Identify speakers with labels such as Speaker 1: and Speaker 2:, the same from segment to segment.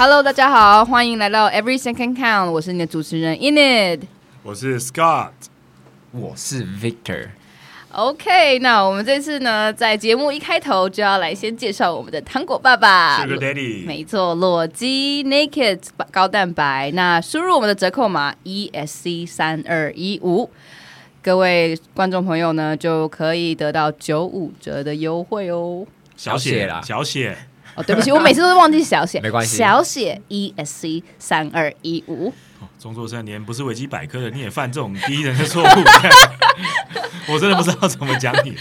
Speaker 1: Hello，大家好，歡迎來到 Every Second Count，我是你的主持人 Enid，
Speaker 2: 我是 Scott，我是 Victor。
Speaker 1: OK，那我們這次呢，在節目一開頭就要來先介紹我們的糖果爸爸、Sugar Daddy，沒錯，裸雞 Naked 高蛋白。那輸入我們的折扣碼 ESC 三二一五，各位觀眾朋友呢，就可以得到九五折的優惠哦。
Speaker 3: 小寫啦，小寫。
Speaker 1: 哦、對不起，我每次都是忘記小寫。沒關係，小寫 e s c 三二一五。
Speaker 3: 中作三年不是維基百科的，你也犯這種低人的錯誤， 我真的不知道怎麼講你。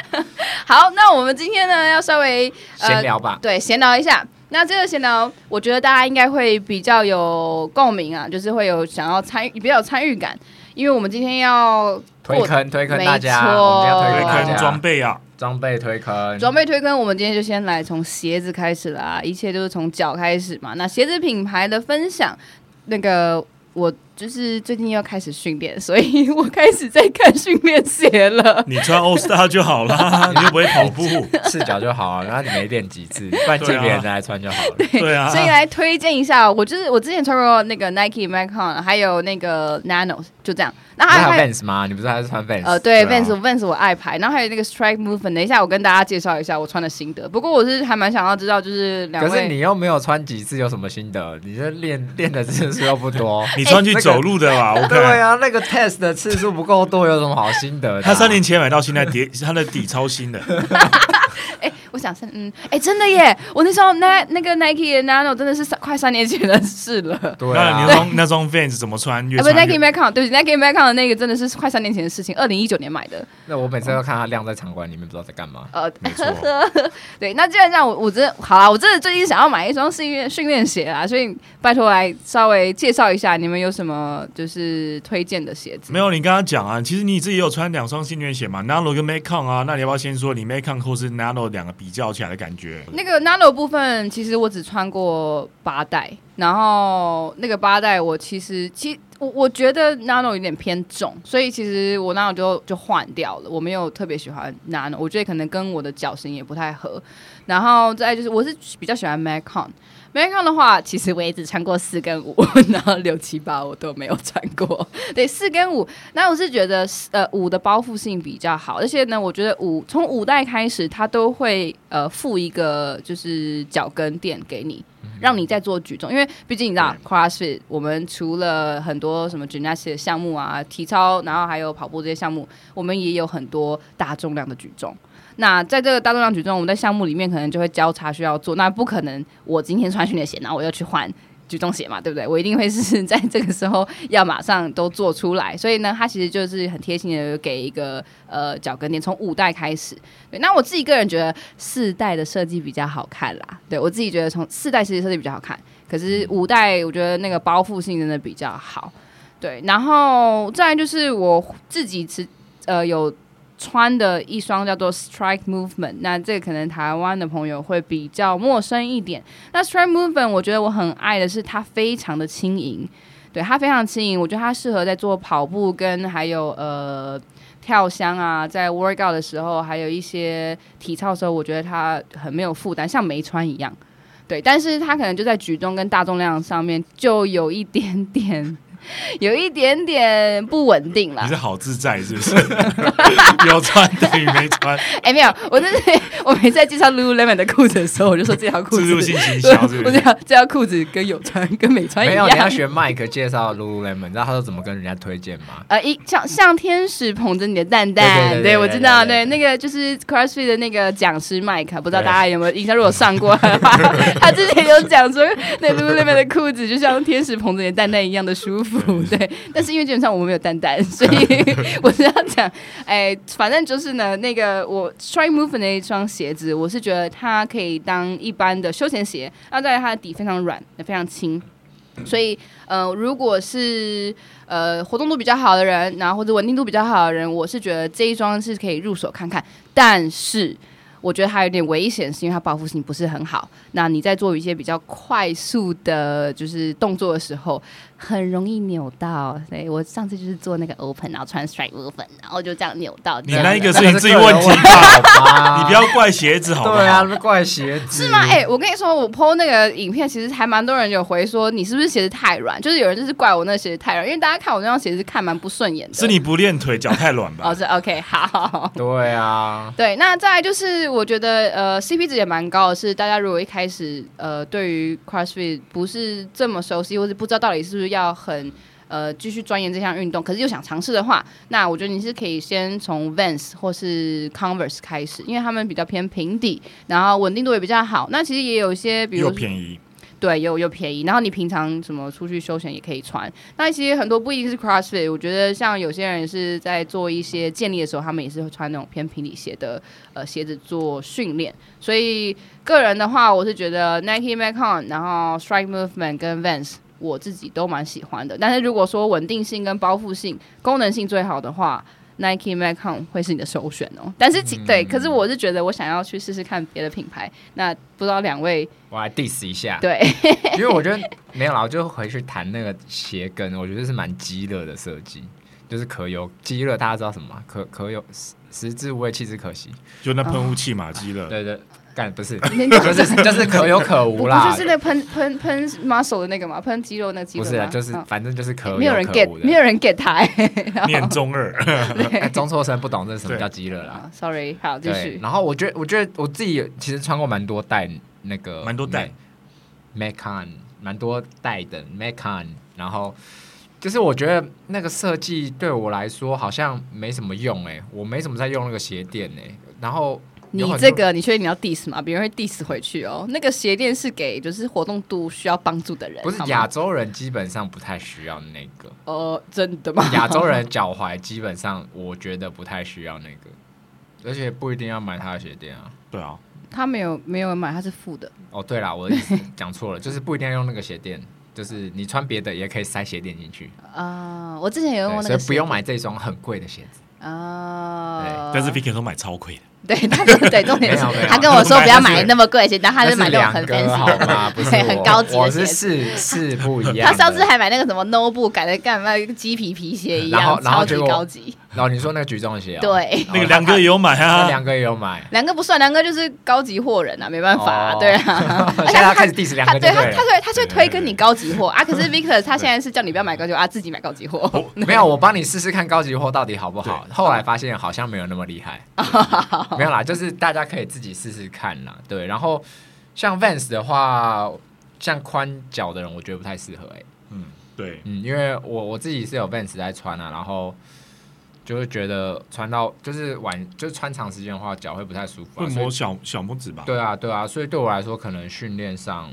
Speaker 1: 好，那我們今天呢，要稍微呃閒聊吧，對，閒聊一下。那這個閒聊，我覺得大家應該會比較有共鳴啊，就是會有想要參與，比較有參與感。因為我們今天要推坑推坑大家，
Speaker 2: 沒錯，我們要推坑裝備啊，裝備推坑，裝
Speaker 1: 備推坑。我們今天就先來從鞋子開始了啊，一切都是從腳開始嘛。那鞋子品牌的分享，那個我。就是最近要開始訓練，所以我開始在看訓練鞋
Speaker 3: 了。
Speaker 2: 你穿 All Star 就好了， 你又不會跑步，赤 腳就好啊。然後你沒練幾次，萬一借別人再來穿就好了。對啊，對對啊，所以來
Speaker 1: 推薦一下。我就是我之前穿過那個 Nike Metcon 還有那個 Nano，就這樣。那還有 Vans
Speaker 2: 嗎？你不是還是穿 Vans 呃，對，Vans 我
Speaker 1: Vans 我愛牌。然後還有那個 Strike Movement。等一下，我跟大家介紹一下我穿的心得。不過我是還蠻想要知道，就是兩位可是
Speaker 2: 你又沒有穿幾次，有什麼心得？你這練練的次數又不多， 你穿去、欸那個走路的吧，我看。 對啊，那個 test 的次數不夠多，有什麼好
Speaker 3: 心得的啊？ 他三年前買到，現在底，他的底超新的。
Speaker 2: 欸我想是嗯，
Speaker 1: 哎、欸，真的耶！我那時候那那個 Nike 的 Nano 真的是三快三年前的事
Speaker 3: 了。對、啊、那雙
Speaker 2: 那雙 Vans 怎麼穿，越，穿越？我 Nike
Speaker 1: Metcon 對 Nike Metcon 那個真的是快三年前的事情，二零一九年買的。
Speaker 2: 那我每次都看它晾在場館裡面，你們不知道在幹嘛。
Speaker 1: 呃， 對，那既然這樣，我我真的好啊！我真的最近想要買一雙訓練訓練鞋啊，所以拜託來稍微介紹一下你們有什麼就是推薦的鞋子。
Speaker 3: 沒有，你剛剛講啊，其實你自己有穿兩雙訓練鞋嘛？Nano 跟 Metcon 啊，那你要，不要先說你 Metcon 或是 Nano 兩個。比較起來的感覺，那
Speaker 1: 個 Nano 部分其實我只穿過八代，然後那個八代我其實，其實我我覺得 Nano 有點偏重，所以其實我 Nano 就就換掉了，我沒有特別喜歡 Nano，我覺得可能跟我的腳型也不太合，然後再就是我是比較喜歡 Metcon。Nano 的話，其實我也只穿過四跟五，然後六七八我都沒有穿過。對，四跟五，那我是覺得呃五的包覆性比較好，而且呢，我覺得五從五代開始，它都會呃附一個就是腳跟墊給你，讓你在做舉重，因為畢竟你知道，CrossFit 我們除了很多什麼 Gymnastics 項目啊、體操，然後還有跑步這些項目，我們也有很多大重量的舉重。那在這個大重量舉重，我們在項目裡面可能就會交叉需要做，那不可能我今天穿訓練鞋，然後我又去換舉重鞋嘛，對不對？我一定會是在這個時候要馬上都做出來，所以呢，它其實就是很貼心的給一個呃腳跟墊，從五代開始對。那我自己個人覺得四代的設計比較好看啦，對我自己覺得從四代設計設計比較好看，可是五代我覺得那個包覆性真的比較好，對，然後再來就是我自己持呃有。穿的一雙叫做 Strike Movement，那這個可能台灣的朋友會比較陌生一點。那 Strike Movement 我覺得我很愛的是它非常的輕盈，對它非常輕盈，我覺得它適合在做跑步跟還有呃跳箱啊，在 workout 的時候，還有一些體操的時候，我覺得它很沒有負擔，像沒穿一樣。對，但是它可能就在舉重跟大重量上面就有一點點。 有一點點不穩定啦。你是
Speaker 3: 好自在是不是？ 有穿等於沒穿。
Speaker 1: 哎、欸、沒有，我就是我沒在介紹 Lululemon 的褲子的時候，我就說這條褲子。 是不是我這條這條褲子跟有穿跟沒穿一樣。沒有，你要學
Speaker 2: Mike 介紹 Lululemon，你 知道他說怎麼跟人家推薦嗎？
Speaker 1: 呃，一像像天使捧着你的蛋蛋，對我知道，對那個就是 CrossFit 的那個講師 Mike，不知道大家有沒有印象？如果上過的話， 他之前有講說那 Lululemon 的褲子就像天使捧着你的蛋蛋一樣的舒服。 對，但是因為基本上我們沒有單單。所以 我是要講，哎、欸，反正就是呢，那個我 Strike Movement 的那一雙鞋子，我是覺得它可以當一般的休閒鞋，那、啊、在它的底非常軟，也非常輕，所以呃，如果是呃活動度比較好的人，然後或者穩定度比較好的人，我是覺得這一雙是可以入手看看，但是我覺得它有點危險，是因為它保護性不是很好，那你在做一些比較快速的，就是動作的時候。很容易扭到，對，我上次就是做那個 open，然後穿 strike open，然後就這樣扭到。你那一個是你自己問題吧？ 你不要
Speaker 3: 怪鞋子好不好？ 對啊，是怪鞋子。是嗎？哎、欸，
Speaker 1: 我跟你說，我 PO 那個影片，其實還蠻多人有回說，你是不是鞋子太軟？就是有人就是怪我那鞋子太軟，因為大家看我那雙鞋子看蠻不順眼的。是
Speaker 3: 你不練腿，腳太軟
Speaker 1: 吧？老 師、oh，OK，好，好，好。
Speaker 2: 對啊。
Speaker 1: 對，那再來就是我覺得呃 CP 值也蠻高的是，是大家如果一開始呃對於 CrossFit 不是這麼熟悉，或是不知道到底是不是。要很呃繼續鑽研這項運動，可是又想嘗試的話，那我覺得你是可以先從 Vans 或是 Converse 開始，因為他們比較偏平底，然後穩定度也比較好。那其實也有一些，比如說又便宜，對，又又便宜。然後你平常什麼出去休閒也可以穿。那其實很多不一定是 CrossFit，我覺得像有些人是在做一些健力的時候，他們也是會穿那種偏平底鞋的呃鞋子做訓練。所以個人的話，我是覺得 Nike Metcon 然後 Strike Movement 跟 Vans。我自己都蠻喜歡的，但是如果說穩定性跟包覆性、功能性最好的話，Nike Metcon 會是你的首選哦。但是、嗯、對，可是我是覺得我想要去試試看別的品牌，那不知道兩位，
Speaker 2: 我來 diss 一下。對，因 為我覺得沒有啦，我就回去談那個鞋跟，我覺得是蠻雞肋的設計，就是可有雞肋，大家知道什麼？可可有食之無味，棄之可惜，就那噴霧器嘛，雞、oh, 肋。對對，對。不是、就是，就是可有可無啦。 不,不就是那
Speaker 1: 噴噴噴 muscle 的那個嘛？噴肌肉的那肌肉。不是，就是、哦、
Speaker 2: 反正就是可，有可、欸。沒有人 get，沒有
Speaker 1: 人 get 他、欸。念
Speaker 2: 中二。 欸、中學生不懂這是什麼叫肌肉啦。Oh,
Speaker 1: sorry，好繼續。
Speaker 2: 然後我覺得，我覺得我自己其實穿過蠻多代那個，蠻多代。Metcon 蠻多代的 Metcon，然後就是我覺得那個設計對我來說好像沒什麼用誒、欸，我沒怎麼在用那個鞋墊誒、欸，然後。你這個，
Speaker 1: 你確定你要 diss 嗎？別人會 diss 回去哦、喔。那個鞋墊是給就是活動度需要幫助的人，不是亞
Speaker 2: 洲人基本上不太需要那個。
Speaker 1: 呃、哦，真的嗎？亞洲人
Speaker 2: 腳踝基本上我覺得不太需要那個，而且不一定要買他的鞋墊啊。對啊，
Speaker 1: 他沒有沒有買，他是附的。
Speaker 2: 哦，對啦，我講錯了， 就是不一定要用那個鞋墊，就是你穿別的也可以塞鞋墊進去
Speaker 1: 啊、呃。我之前也用過那個鞋墊，所
Speaker 2: 以不用買這雙很貴的鞋子啊、呃。但是 Vicky 說買超貴的。 對，但、那、是、個、對，重點是他跟我說不要買，買那
Speaker 3: 麼貴的鞋，但他就買那種很 fancy 的，好吧， 很高級的鞋，是
Speaker 2: 是不一樣。 他上次還
Speaker 1: 買那個什麼 Nobull 改的幹嘛，一個雞皮皮鞋一樣，嗯、超級高級。
Speaker 2: 然後你說那個舉重鞋啊、哦？對，那個梁哥也有買啊，梁哥也有買。
Speaker 1: 梁哥不算，梁哥就是高級貨人呐、啊，沒
Speaker 2: 辦法啊、哦，對啊。現在他開始 diss 梁哥，對他，他
Speaker 1: 對，他，他，他就會推跟你高級貨，對對對啊。可是 Victor 他現在是叫你不要買高級貨，對對對啊，自己買高級貨、
Speaker 2: 哦。沒有，我幫你試試看高級貨到底好不好。後來發現好像沒有那麼厲害、哦，沒有啦，就是大家可以自己試試看啦，對。然後像 Vans 的話，像寬腳的人我覺得不太適合，哎，嗯，對，嗯，因為我我自己是有 Vans 在穿啊，然後。就會、是，覺得穿到就是晚，就是穿長時間的話，腳會不太舒服。會磨小小拇指吧？對啊，對啊。所以對我來說，可能訓練上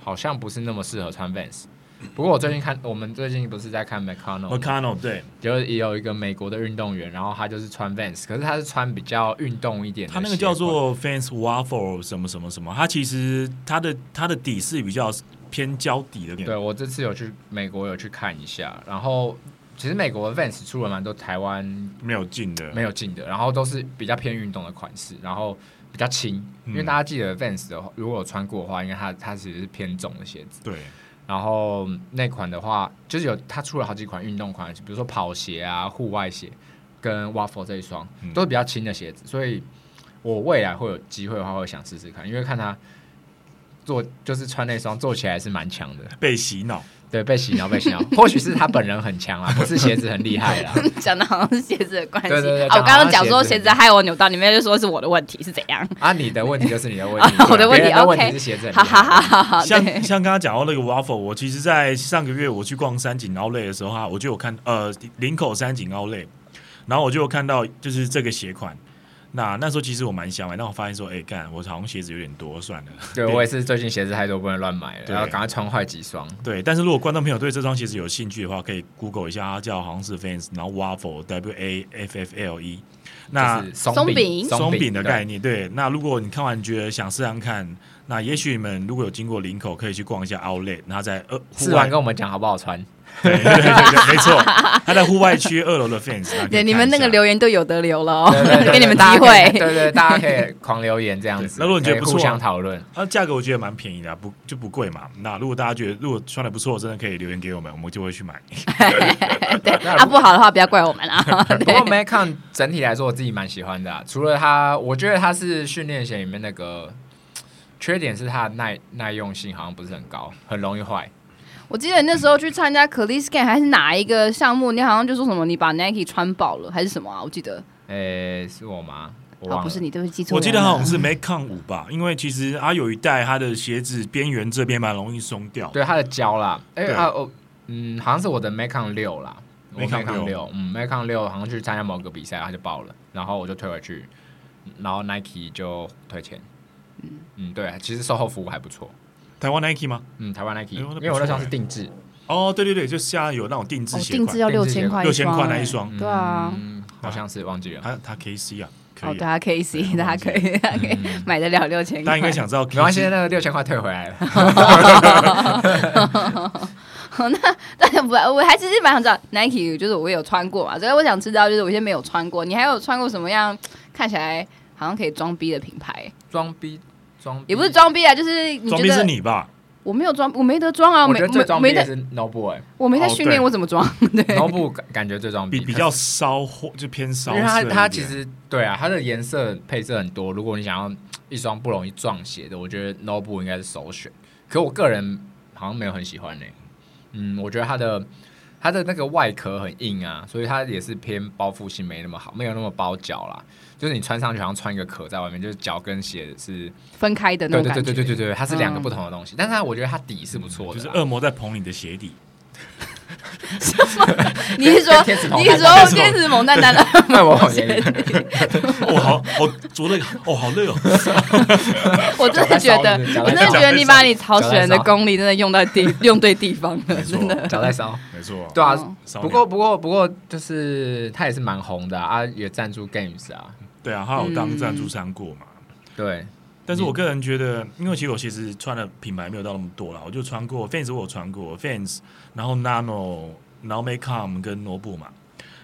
Speaker 2: 好像不是那麼適合穿 Vans。 不過我最近看，我們最近不是在看 McConnell？McConnell 對，就是也有一個美國的運動員，然後他就是穿 Vans，可是他是穿比較運動一點。他那個叫
Speaker 3: 做 Vans Waffle 什麼
Speaker 2: 什麼什麼，他其實他的他的底是比較偏膠底的。對，我這次有去美國有去看一下，然後。其實美國的 Vans 出了蠻多台灣沒有進的，沒有進的，然後都是比較偏運動的款式，然後比較輕，因為大家記得 Vans 的話，如果有穿過的話，應該它它其實是偏重的鞋子。對，然後那款的話，就是有它出了好幾款運動款式，比如說跑鞋啊、戶外鞋，跟 Waffle 這一雙都是比較輕的鞋子，所以我未來會有機會的話，會想試試看，因為看它做就是穿那雙做起來是蠻強的，被洗腦。對，被洗腦被洗腦， 或許是他本人很強啊， 不是鞋子很厲害的。
Speaker 1: 講的好像是鞋子的關係。對，對，對、啊、我剛剛講說鞋子害我扭到裡面，你們就說是我的問題，是怎樣？
Speaker 2: 啊，你的問題就是你的問題，
Speaker 3: 我的問題 OK，是鞋子。 好好好好像像剛剛講到那個 Waffle，我其實在上個月我去逛三井 Outlet 的時候啊，我就有看呃林口三井 Outlet，然後我就有看到就是這個鞋款。那那時候其實我蠻想買，但我發現說，哎、欸、幹，我好像鞋子有點多，算了。對，對我也是，最近鞋子太多，不能亂買了，對，然後趕快穿壞幾雙。對，但是如果觀眾朋友對這雙鞋子有興趣的話，可以 Google 一下，它叫好像是 Vans 然後 Waffle W A F F L E，那鬆餅鬆餅的概念對。對，那如果你看完覺得想試試看，那也許你們如果有經過林口，可以去逛一下 Outlet，然後再試、呃、完跟我們講
Speaker 2: 好不好穿。 對對對對沒錯，他在戶外區二樓的 fans
Speaker 1: 對，你們那個留言都有得留了哦，給你們機會，對對，對，大家可以
Speaker 2: 狂留言這樣子。那如果你覺得不錯，想
Speaker 3: 討論，那價格我覺得蠻便宜的、啊，不就不貴嘛。那如果大家覺得如果穿的不錯，真的可以留言給我們，我們就會去買
Speaker 1: 對，對， 啊啊、那不好的話不要怪我們啊。 對笑不過 Metcon
Speaker 2: 整體來說，我自己蠻喜歡的、啊，除了它，我覺得它是訓練鞋裡面那個缺點是它的耐耐用性好像不是很高，很容易壞。
Speaker 1: 我記得那時候去參加可麗 scan 還是哪一個項目？你好像就說什麼你把 Nike 穿爆了還是什麼啊？我記得，
Speaker 2: 誒、欸，是我嗎？哦，oh, 不是你都會記，都是記錯。我記得好像是 Metcon 五吧， 因為其實它、啊、有一代它的鞋子邊緣這邊蠻容易鬆掉，對它的膠啦。誒、欸，它哦、啊，嗯，好像是我的 Metcon 六啦，Metcon 六，嗯，Metcon 六好像去參加某個比賽，它就爆了，然後我就退回去，然後 Nike 就退錢，嗯嗯，對，其實售後服務還不錯。
Speaker 3: 台灣 Nike 嗎？嗯，台灣 Nike，因為我那雙是定制。哦，對對對，就是有那種定制鞋，哦，定制要六千塊，六千塊那一雙，嗯。對啊，好像
Speaker 2: 是忘記了。他他 KC、啊、可 C 啊，哦，對啊，KC,
Speaker 1: 可 C，他可以，他可以買得了六千塊。大家應該想知道，然後現在那個
Speaker 2: 六千塊退回
Speaker 1: 來了。那那，但我還其實蠻想知道 Nike，就是我有穿過嘛，所以我想知道，就是我現在沒有穿過，你還有穿過什麼樣看起來好像可以裝逼的品牌？
Speaker 2: 裝逼。也
Speaker 1: 不是裝逼啊，就是裝逼是你吧？我沒有裝，我沒得裝啊！我沒我得裝逼的是
Speaker 2: Noble，、欸、我沒在訓練，我怎麼裝、oh, ？Noble 感覺這裝逼，比較騷貨，就偏騷。因為它它其實對啊，它的顏色配色很多。如果你想要一雙不容易撞鞋的，我覺得 Noble 應該是首選。可是我個人好像沒有很喜歡呢、欸。嗯，我覺得它的它的那個外殼很硬啊，所以它也是偏包覆性沒那麼好，沒有那麼包腳啦。就是你穿上去好像穿一個殼在外面，就是腳跟鞋是分
Speaker 1: 開
Speaker 3: 的，那種感覺。對對對對對，它是兩個不同的東西。嗯、但是
Speaker 2: 它我覺得它底是不錯的、啊，就是惡魔在捧你的鞋底。 什麼？
Speaker 3: 你是說你是說天使猛蛋蛋的賣我鞋底？哦，好好，足了哦，好累哦。 我
Speaker 1: 真的覺得，我真的覺得你把你炒鞋的功力真的用到地用對地方了，真
Speaker 2: 的。腳來騷，沒錯。對啊，不過不過不過，不過不過就是它也是蠻紅的啊，啊也贊助 Games 啊。對啊，他有當贊助商過嘛、嗯？對，但是我個人
Speaker 3: 覺得，因為其實我其實穿的品牌沒有到那麼多啦，我就穿過 Vans，我有穿過 Vans，然後 Nano，Metcon 跟 Nobull 嘛。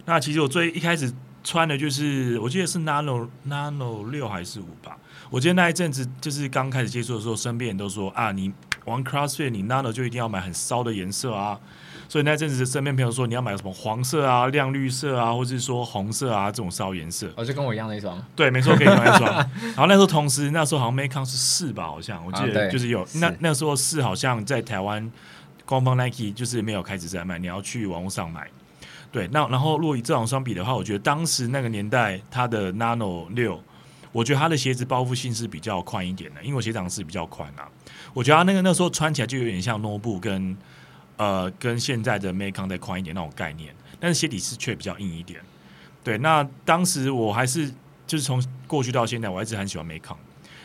Speaker 3: 那其實我最一開始穿的就是，嗯、我記得是 nano nano 六還是五吧。我記得那一陣子就是剛開始接觸的時候，身邊人都說啊，你玩 CrossFit，你 nano 就一定要買很騷的顏色啊。所以那陣子的身邊，身邊朋友說，你要買什麼黃色啊、亮綠色啊，或者是說紅色啊這種騷顏色，哦，就跟我一樣的一雙。對，沒錯，可以買一雙。然後那時候，同時那時候好像 Metcon 是四吧，好像我記得就是有、啊、那是那時候四好像在台灣官方 Nike 就是沒有開始在賣，你要去網上買。對，那然後如果以這兩雙比的話，我覺得當時那個年代它的 Nano 六，我覺得它的鞋子包覆性是比較寬一點的，因為我鞋掌是比較寬啊。我覺得它那個那時候穿起來就有點像 Nobull 跟。呃，跟現在的 Metcon 再寬一點那種概念，但是鞋底是卻比較硬一點。對，那當時我還是就是從過去到現在，我一直很喜歡 Metcon，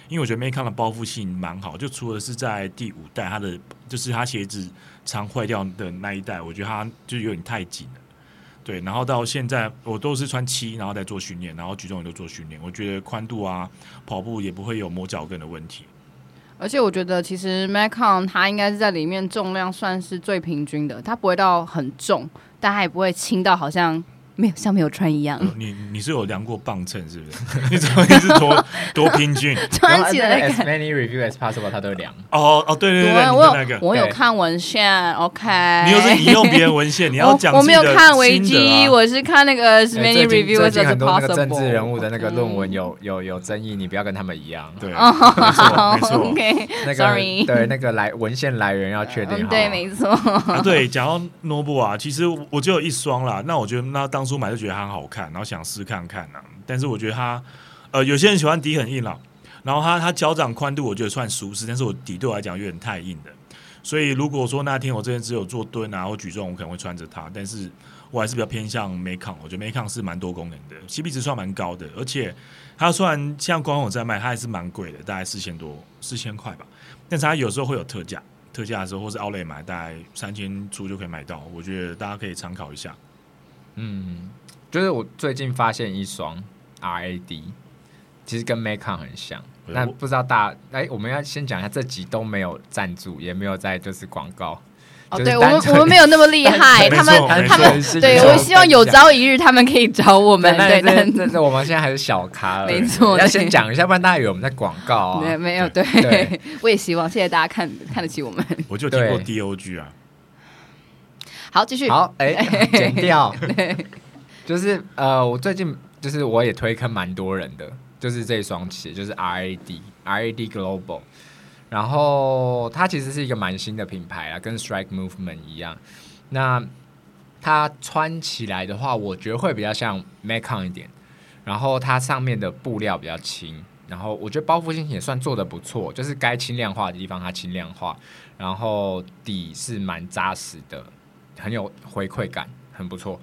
Speaker 3: 因為我覺得 Metcon 的包覆性蠻好。就除了是在第五代，它的就是它鞋子常壞掉的那一代，我覺得它就有點太緊了。對，然後到現在我都是穿七，然後在做訓練，然後舉重也都做訓練。我覺得寬度啊，跑步也不會有磨腳跟的問題。
Speaker 1: 而且我覺得，其實 Metcon 它應該是在裡面重量算是最平均的，它不會到很重，但它也不會輕到好像。沒有像沒有穿一樣。
Speaker 3: 你你是有量過磅秤是不是？ 你怎麼一直多多平均？ 穿起了 as many review as possible 他都會量。哦哦哦，對對、那個、對，我有
Speaker 1: 看文獻。OK。你又
Speaker 3: 是引用別人文獻，你要講的的、啊、
Speaker 2: 我，我沒有看維基、
Speaker 1: 啊，我是看那個、as、many review as 很多那個政治人
Speaker 2: 物的那個論文有、okay. 有有，有爭議，你不要跟他們一樣。對，oh, 沒錯 OK, 沒錯 okay.、那個。Sorry。對，那個來文獻來源要確定
Speaker 1: 好。Um, 對，沒錯。 啊、
Speaker 2: 對，
Speaker 3: 講到 Nobull 啊，其實我就有一雙啦。那我覺得那當出買就覺得它很好看，然後想試看看呢、啊。但是我覺得它，呃，有些人喜歡底很硬朗，然後它它腳掌寬度我覺得算舒適，但是我底對我來講有點太硬的。所以如果說那天我這邊只有做蹲啊或舉重，我可能會穿着它。但是我還是比較偏向 Metcon，我覺得 Metcon 是蠻多功能的，CP 值算蠻高的，而且它雖然像官網在賣，它還是蠻貴的，大概四千多、四千塊吧。但是它有時候會有特價，特價的時候或是 Outlet 買，大概三千出就
Speaker 2: 可以買到。我覺得大家可以參考一下。嗯，就是我最近發現一雙 R A D，其實跟 Metcon 很像，但不知道大家，哎、欸，我們要先講一下，這集都沒有贊助，也沒有在就是廣告。哦，就是、對我們我們沒有那麼厲害，但但他，他們他們對，對我希望有朝一
Speaker 1: 日他們可以找我們。對對，但
Speaker 2: 是但是對，我們現在還是小咖了，沒錯。要先講一下，不然大家以為我們在廣告啊。沒有
Speaker 1: 沒有，對，對，對我也希望謝謝大家看看得起我們。
Speaker 2: 我就聽過 D O G 啊。
Speaker 3: 好，繼續。好，哎、欸，剪掉。
Speaker 2: 就是呃，我最近就是我也推坑蠻多人的，就是這雙鞋，就是 RAD RAD Global。然後它其實是一個蠻新的品牌啊，跟 Strike Movement 一樣。那它穿起來的話，我覺得會比較像 Metcon 一點。然後它上面的布料比較輕，然後我覺得包覆性也算做得不錯，就是該輕量化的地方它輕量化，然後底是蠻紮實的。很有回饋感，很不錯。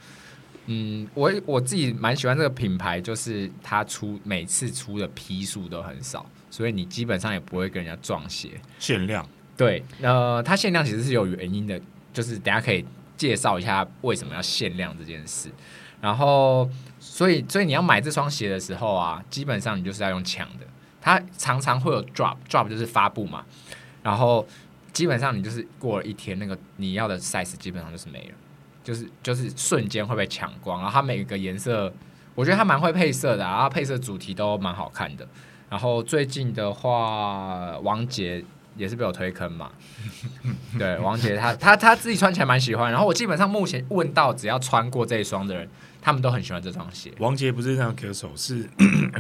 Speaker 2: 嗯，我我自己蠻喜歡這個品牌，就是它出每次出的批數都很少，所以你基本上也不會跟人家撞鞋。限量？對，呃，它限量其實是有原因的，就是等下可以介紹一下為什麼要限量這件事。然後，所以，所以你要買這雙鞋的時候啊，基本上你就是要用搶的。它常常會有 drop，drop drop 就是發佈嘛，然後。基本上你就是過了一天，那個你要的 size 基本上就是沒了，就是就是瞬間會被搶光。然後它每個顏色，我覺得它蠻會配色的啊，然後他配色主題都蠻好看的。然後最近的話，王杰也是被我推坑嘛， 對，王杰他他他自己穿起來蠻喜歡。然後我基本上目前問到只要穿過這一雙的人。他們都很喜歡這雙鞋。王杰不是那樣歌手，是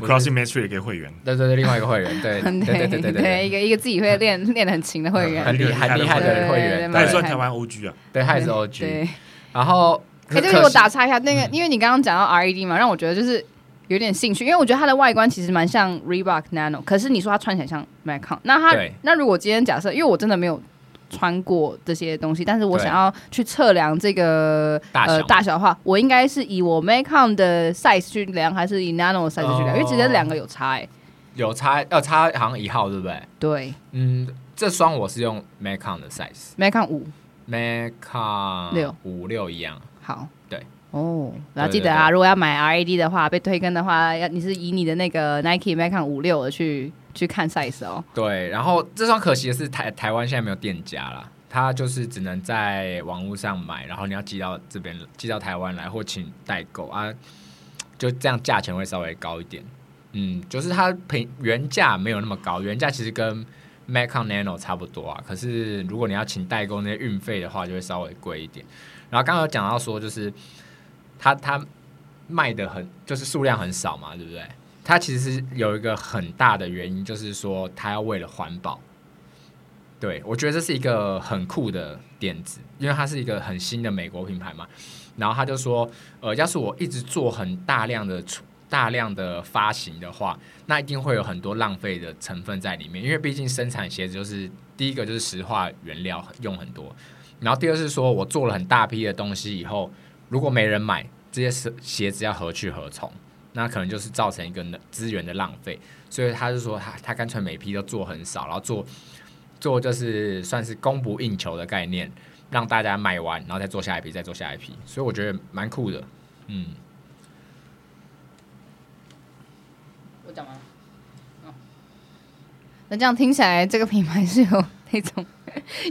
Speaker 2: Cross Country 一個會員。對對對，另外 一個會員，對對對對對，一
Speaker 1: 個一個自己會練練 得很勤的會
Speaker 2: 員，嗯、很厲害厲害的會員，也、嗯、算台灣 OG 啊，對，他也是 OG。然後，可是我打
Speaker 1: 岔一下，那個，因為你剛剛講到 RAD 嘛，讓我覺得就是有點興趣，因為我覺得它的外觀其實蠻像 Reebok Nano，可是你說它穿起來像 Metcon，那它那如果今天假設，因為我真的沒有。穿過這些東西，但是我想要去測量這個呃大小，大小的話，我應該是以我 Metcon 的 size 去量，還是以 Nano 的 size 去量？Oh, 因為直接兩個有差哎、欸，
Speaker 2: 有差，要差好像一號，對不對？對，嗯，這雙我是用 Metcon 的 size，Metcon 五，Metcon 六，五六一樣。好，對，哦、oh,，然後記得啊，對對對，如果
Speaker 1: 要買 R A D 的話，被推坑的話，要你是以你的那個 Nike Metcon 五六而去。去看 size 哦，
Speaker 2: 對，然後這雙可惜的是台台灣現在沒有店家啦，它就是只能在網絡上買，然後你要寄到這邊，寄到台灣來或請代購啊，就這樣價錢會稍微高一點，嗯，就是它平原價沒有那麼高，原價其實跟 Metcon Nano 差不多啊，可是如果你要請代購那些運費的話，就會稍微貴一點。然後剛剛有講到說，就是它它賣的很，就是數量很少嘛，對不對？它其實有一個很大的原因，就是說它要為了環保。對，我覺得這是一個很酷的點子，因為它是一個很新的美國品牌嘛。然後他就說，呃，要是我一直做很大量的、大量的發行的話，那一定會有很多浪費的成分在裡面。因為畢竟生產鞋子就是第一個就是石化原料用很多，然後第二是說我做了很大批的東西以後，如果沒人買，這些鞋子要何去何從？那可能就是造成一個資源的浪費，所以他就說，他他乾脆每批都做很少，然後做做，就是算是供不應求的概念，讓大家買完，然後再做下一批，再做下一批，所以我覺得蠻酷的嗯，嗯。
Speaker 1: 我講完了，那這樣聽起來，這個品牌是有。那種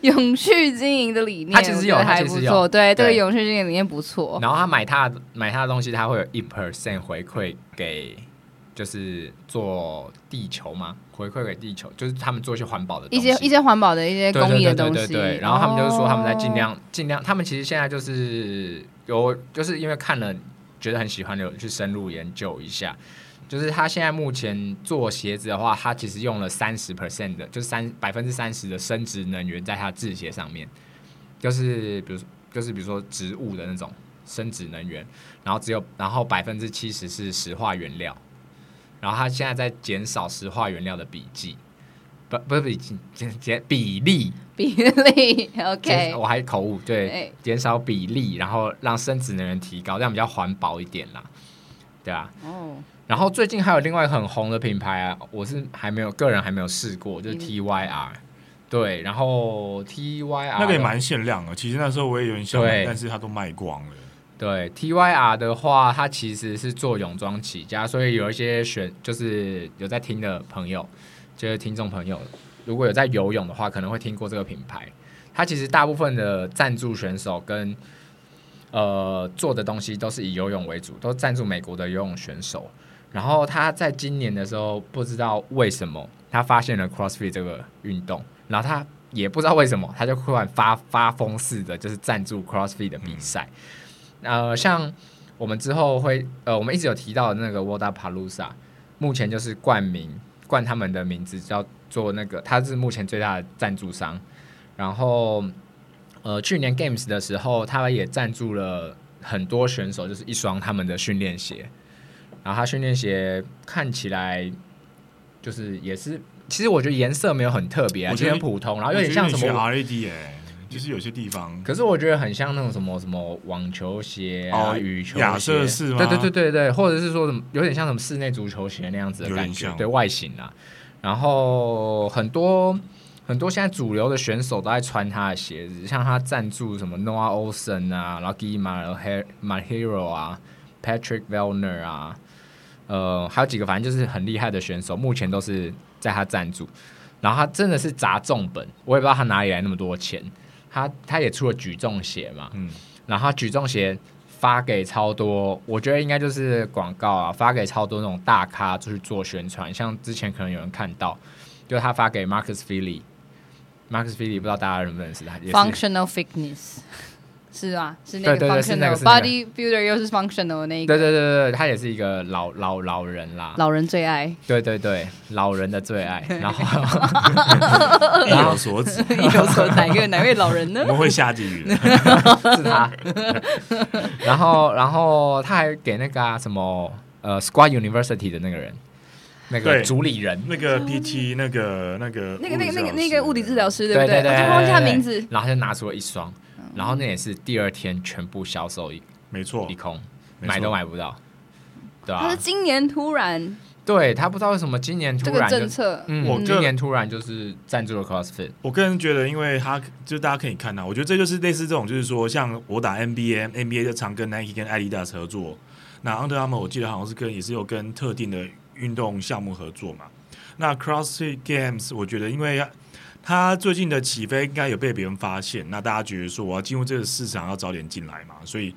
Speaker 1: 永續經營的理念，他其實有，還不錯，他其實有，對這個永續經營理念不錯。
Speaker 2: 然後他買他的買他的東西，他會有一 percent 回饋給，就是做地球嘛，回饋給地球，就是他們做一些環保的東西，一些一些
Speaker 1: 環保的一些公益的東西。對，對，對，對，對，然後他們就是說他們在盡量
Speaker 2: 盡量，量，他們其實現在就是有，就是因為看了覺得很喜歡，有去深入研究一下。就是他現在目前做鞋子的話，他其實用了三十 percent 的，就是三百分之三十的生質能源在他製鞋上面，就是比如就是比如說植物的那種生質能源，然後只有然後百分之七十是石化原料，然後他現在在減少石化原料的筆記，不不是比減減比例
Speaker 1: 比例 ，OK，是我
Speaker 2: 還口誤。對，減少比例，然後讓生質能源提高，這樣比較環保一點啦，對啊，oh. 然後最近還有另外很紅的品牌啊，我是還沒有個人還沒有試過，就是 T Y R，嗯，對，然後 T Y R 那個也蠻限量的，其實那時候我也有點想買，但是他都賣光了。對 T Y R 的話，它其實是做泳裝起家，所以有一些選就是有在聽的朋友，就是聽眾朋友，如果有在游泳的話，可能會聽過這個品牌。它其實大部分的贊助選手跟呃做的東西都是以游泳為主，都贊助美國的游泳選手。然後他在今年的時候，不知道為什麼他發現了 CrossFit 這個運動，然後他也不知道為什麼，他就會發發瘋似的，就是贊助 CrossFit 的比賽、嗯。呃，像我們之後會，呃，我們一直有提到的那個 Wodapalooza，目前就是冠名冠他們的名字，叫做那個，他是目前最大的贊助商。然後，呃，去年 Games 的時候，他也贊助了很多選手，就是一雙他們的訓練鞋。然後他訓練鞋看起來就是也是，其實我覺得顏色沒有很特別、啊，有很普通，然後有點像什麼 R A D 哎，就是有些地方。可是我覺得很像那種什麼什麼網球鞋啊、羽、哦、球鞋、亞瑟士對對對對對，或者是說什麼有點像什麼室內足球鞋那樣子的感覺，對外形啊，然後很多很多現在主流的選手都在穿他的鞋子，像他贊助什麼 Noah Ohlsen 啊、Guilherme Malheiro 啊、Patrick Vellner 啊。呃，還有幾個，反正就是很厲害的選手，目前都是在他贊助。然後他真的是砸重本，我也不知道他哪裡來那麼多錢。他他也出了舉重鞋嘛，嗯、然後他舉重鞋發給超多，我覺得應該就是廣告啊，發給超多那種大咖出去做宣傳。像之前可能有人看到，就是他發給 Marcus Filly，Marcus Filly 不知道大家認不認識他。Functional
Speaker 1: Fitness。是啊，是那個 functional，那個、那個、body builder 又是 functional 的那一個。對
Speaker 2: 對對對，他也是一個老老老人啦。老人最愛。對對對，老人的最愛。 然後
Speaker 1: 一有所指， 一有所哪個哪位老人呢？我們會
Speaker 2: 下地 是他。 然後然後他還給那個、啊、什麼呃 Squad University 的那個人，那個主理人，那個 PT 那個那個那那個
Speaker 1: 那個物理治療師、那個那個那個、師，對不對，對，對？我忘記他名字對對對。
Speaker 2: 然後他就拿出了一雙。然後那也是第二天全部銷售一，沒錯，一空沒，買都買不到，對啊。他是今
Speaker 1: 年突然，
Speaker 2: 對他不知道為什麼今年突然、這個、政策，嗯、我今年突然就是
Speaker 3: 贊助了 CrossFit。我個人覺得，因為他就大家可以看到，我覺得這就是類似這種，就是說像我打 NBA，NBA NBA 就常跟 Nike 跟 Adidas 合作。那 Under Armour 我記得好像是跟也是有跟特定的運動項目合作嘛。那 CrossFit Games，我覺得因為。他最近的起飛應該有被別人發現，那大家覺得說我要進入這個市場要早點進來嘛，所以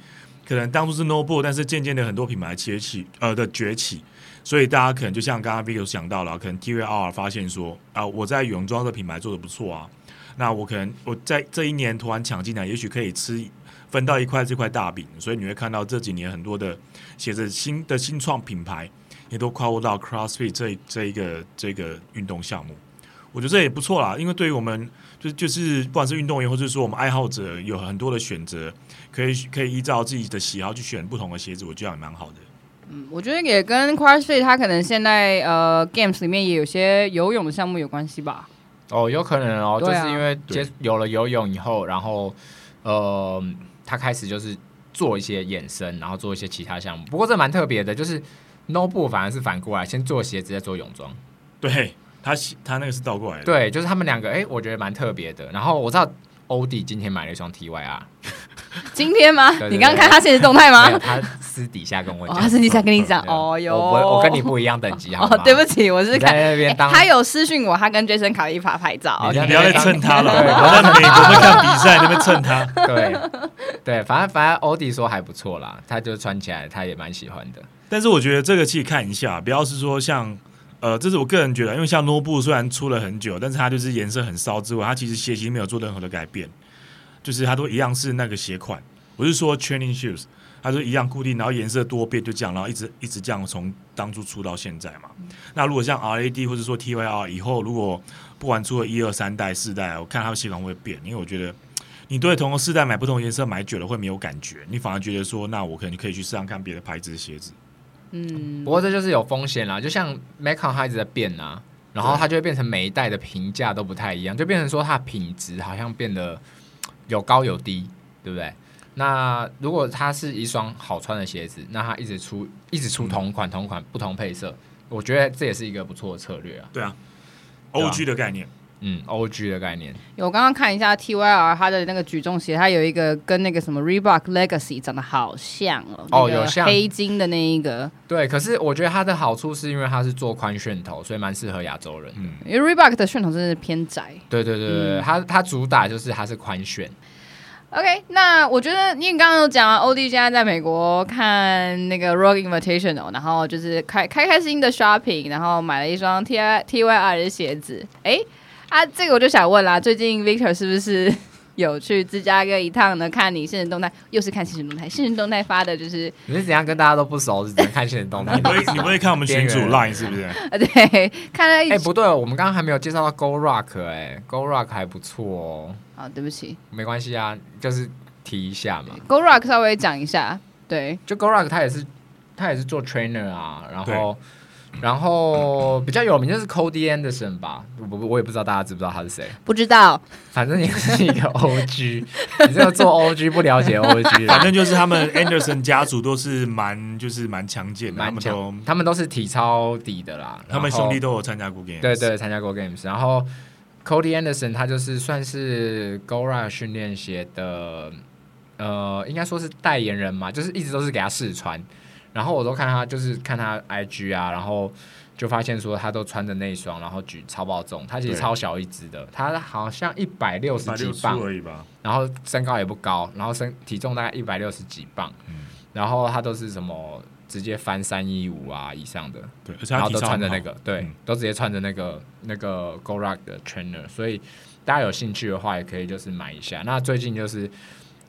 Speaker 3: 可能當初是 Nobull 但是漸漸的很多品牌崛起，呃的崛起，所以大家可能就像剛剛 Victor 想到了，可能 TYR 發現說啊、呃，我在泳裝的品牌做的不錯啊，那我可能我在這一年突然搶進來，也許可以吃分到一塊這塊大餅，所以你會看到這幾年很多的寫着新的新創品牌，也都跨步到 CrossFit 這這一個這個運動項目。我覺得這也不錯啦，因為對於我們，就就是不管是運動員，或者說我們愛好者，有很多的選擇，可以可以依照自己的喜好去選不同的鞋子，我覺得還蠻好的。嗯，
Speaker 1: 我覺得也跟 CrossFit 它可能現在呃 Games 裡面也有些游泳的項目有關係吧？
Speaker 2: 哦，有可能哦，就是因為接、啊、有了游泳以後，然後呃，他開始就是做一些衍生，然後做一些其他項目。不過這蠻特別的，就是 Nobull 反而是反過來先做鞋子，再做泳裝。對。他他那個是倒過來的，對，就是他們兩個，哎、欸，我覺得蠻特別的。然後我知道歐弟今天買了一雙 TYR，
Speaker 1: 今天嗎？對對對，你剛剛看他現實動態嗎？他
Speaker 2: 私底下跟我講，他私、哦、底
Speaker 1: 下跟你講，哦喲，我我跟你
Speaker 2: 不一樣等級啊、哦！哦，對不起，我是看在那邊、欸，他
Speaker 1: 有私訊我，他跟 Jason 卡利法拍照，你不要再蹭他了。我在美國看比賽，那邊蹭他，對、啊、
Speaker 2: 對，反正反正歐弟說還不錯啦，他就穿起來，他也蠻喜歡的。但是我覺得這個去
Speaker 3: 看一下，不要是說像。呃，這是我個人覺得，因為像諾布雖然出了很久，但是它就是顏色很騷之外，它其實鞋型沒有做任何的改變，就是它都一樣是那個鞋款，我是說 training shoes，它是一樣固定，然後顏色多變就這樣，然後一直一直這樣從當初出到現在嘛。嗯。那如果像 RAD 或者說 TYR，以後如果不管出了一二三代、四代，我看它的鞋款會變，因為我覺得你對同一個四代買不同顏色買久了
Speaker 2: 會沒有感覺，你反而覺得說，那我可能可以去試看看別的牌子的鞋子。嗯，不過這就是有風險啦，就像 Metcon 它一直在變啊，然後它就會變成每一代的評價都不太一樣，就變成說它品質好像變得有高有低，對不對？那如果它是一雙好穿的鞋子，那它一直出一直出同款同款不同配色，我覺得這也是一個不錯的策略啊。對啊，OG 的概念。嗯，O G 的概念。嗯、
Speaker 1: 我剛剛看一下 T Y R 它的那個舉重鞋，它有一個跟那個什麼 Reebok Legacy 長得好像哦。有、哦、像、那個、黑金的那一個。
Speaker 2: 對，可是我覺得它的好處是因為它是做寬楦頭，所以蠻適合亞洲人的、
Speaker 1: 嗯。因為 Reebok 的楦頭真的是偏
Speaker 2: 窄。對對對對，對、嗯，它它主打就是它是寬楦、嗯。
Speaker 1: OK，那我覺得因為你剛剛有講 O 歐弟現在在美國看那個 Rogue Invitational，然後就是開開開心心的 shopping，然後買了一雙 T T Y R 的鞋子，哎、欸。啊，這個我就想問啦，最近 Victor 是不是有去芝加哥一趟呢？看你限時動態，又是看限時動態，限時動態發的就是你
Speaker 2: 是怎樣跟大家都不熟，是 只能看限時動態？ 你不會，你不會看我們群主 Line 是不是？啊，對，看了一下哎、欸、不對，我們剛剛還沒有介紹到 Goruck 哎、欸、，Goruck 還不錯哦、喔。啊，對不起，沒關係啊，就是提一下嘛。
Speaker 1: Goruck 稍微講一下，對，就 Goruck
Speaker 2: 他也是他也是做 trainer 啊，然後。嗯、然後比較有名就是 Cody Anderson 吧，我我也不知道大家知不知道他是誰，不知道，反正也是一個 OG， 你這個做 OG 不了解
Speaker 3: OG，了反正就是他們
Speaker 2: Anderson 家族都是蠻就是蠻強健的，蠻強，他們都是體操底的啦，他們兄弟都有參加過 Games，對，對對，參加過 Games，然後 Cody Anderson 他就是算是 Goruck 訓練鞋的，呃，應該說是代言人嘛，就是一直都是給他試穿，然後我都看他，就是看他 IG 啊，然後就發現說他都穿着那一雙，然後舉超爆重，他其實超小一隻的，他好像一百六十幾磅吧，然後身高也不高，然後身體重大概一百六十幾磅，嗯，然後他都是什麼直接翻三一五啊以上的，嗯、對，他然後都穿着那個，對，都直接穿着那個、嗯、那個 GORUCK 的 trainer，所以大家有興趣的話也可以就是買一下，那最近就是。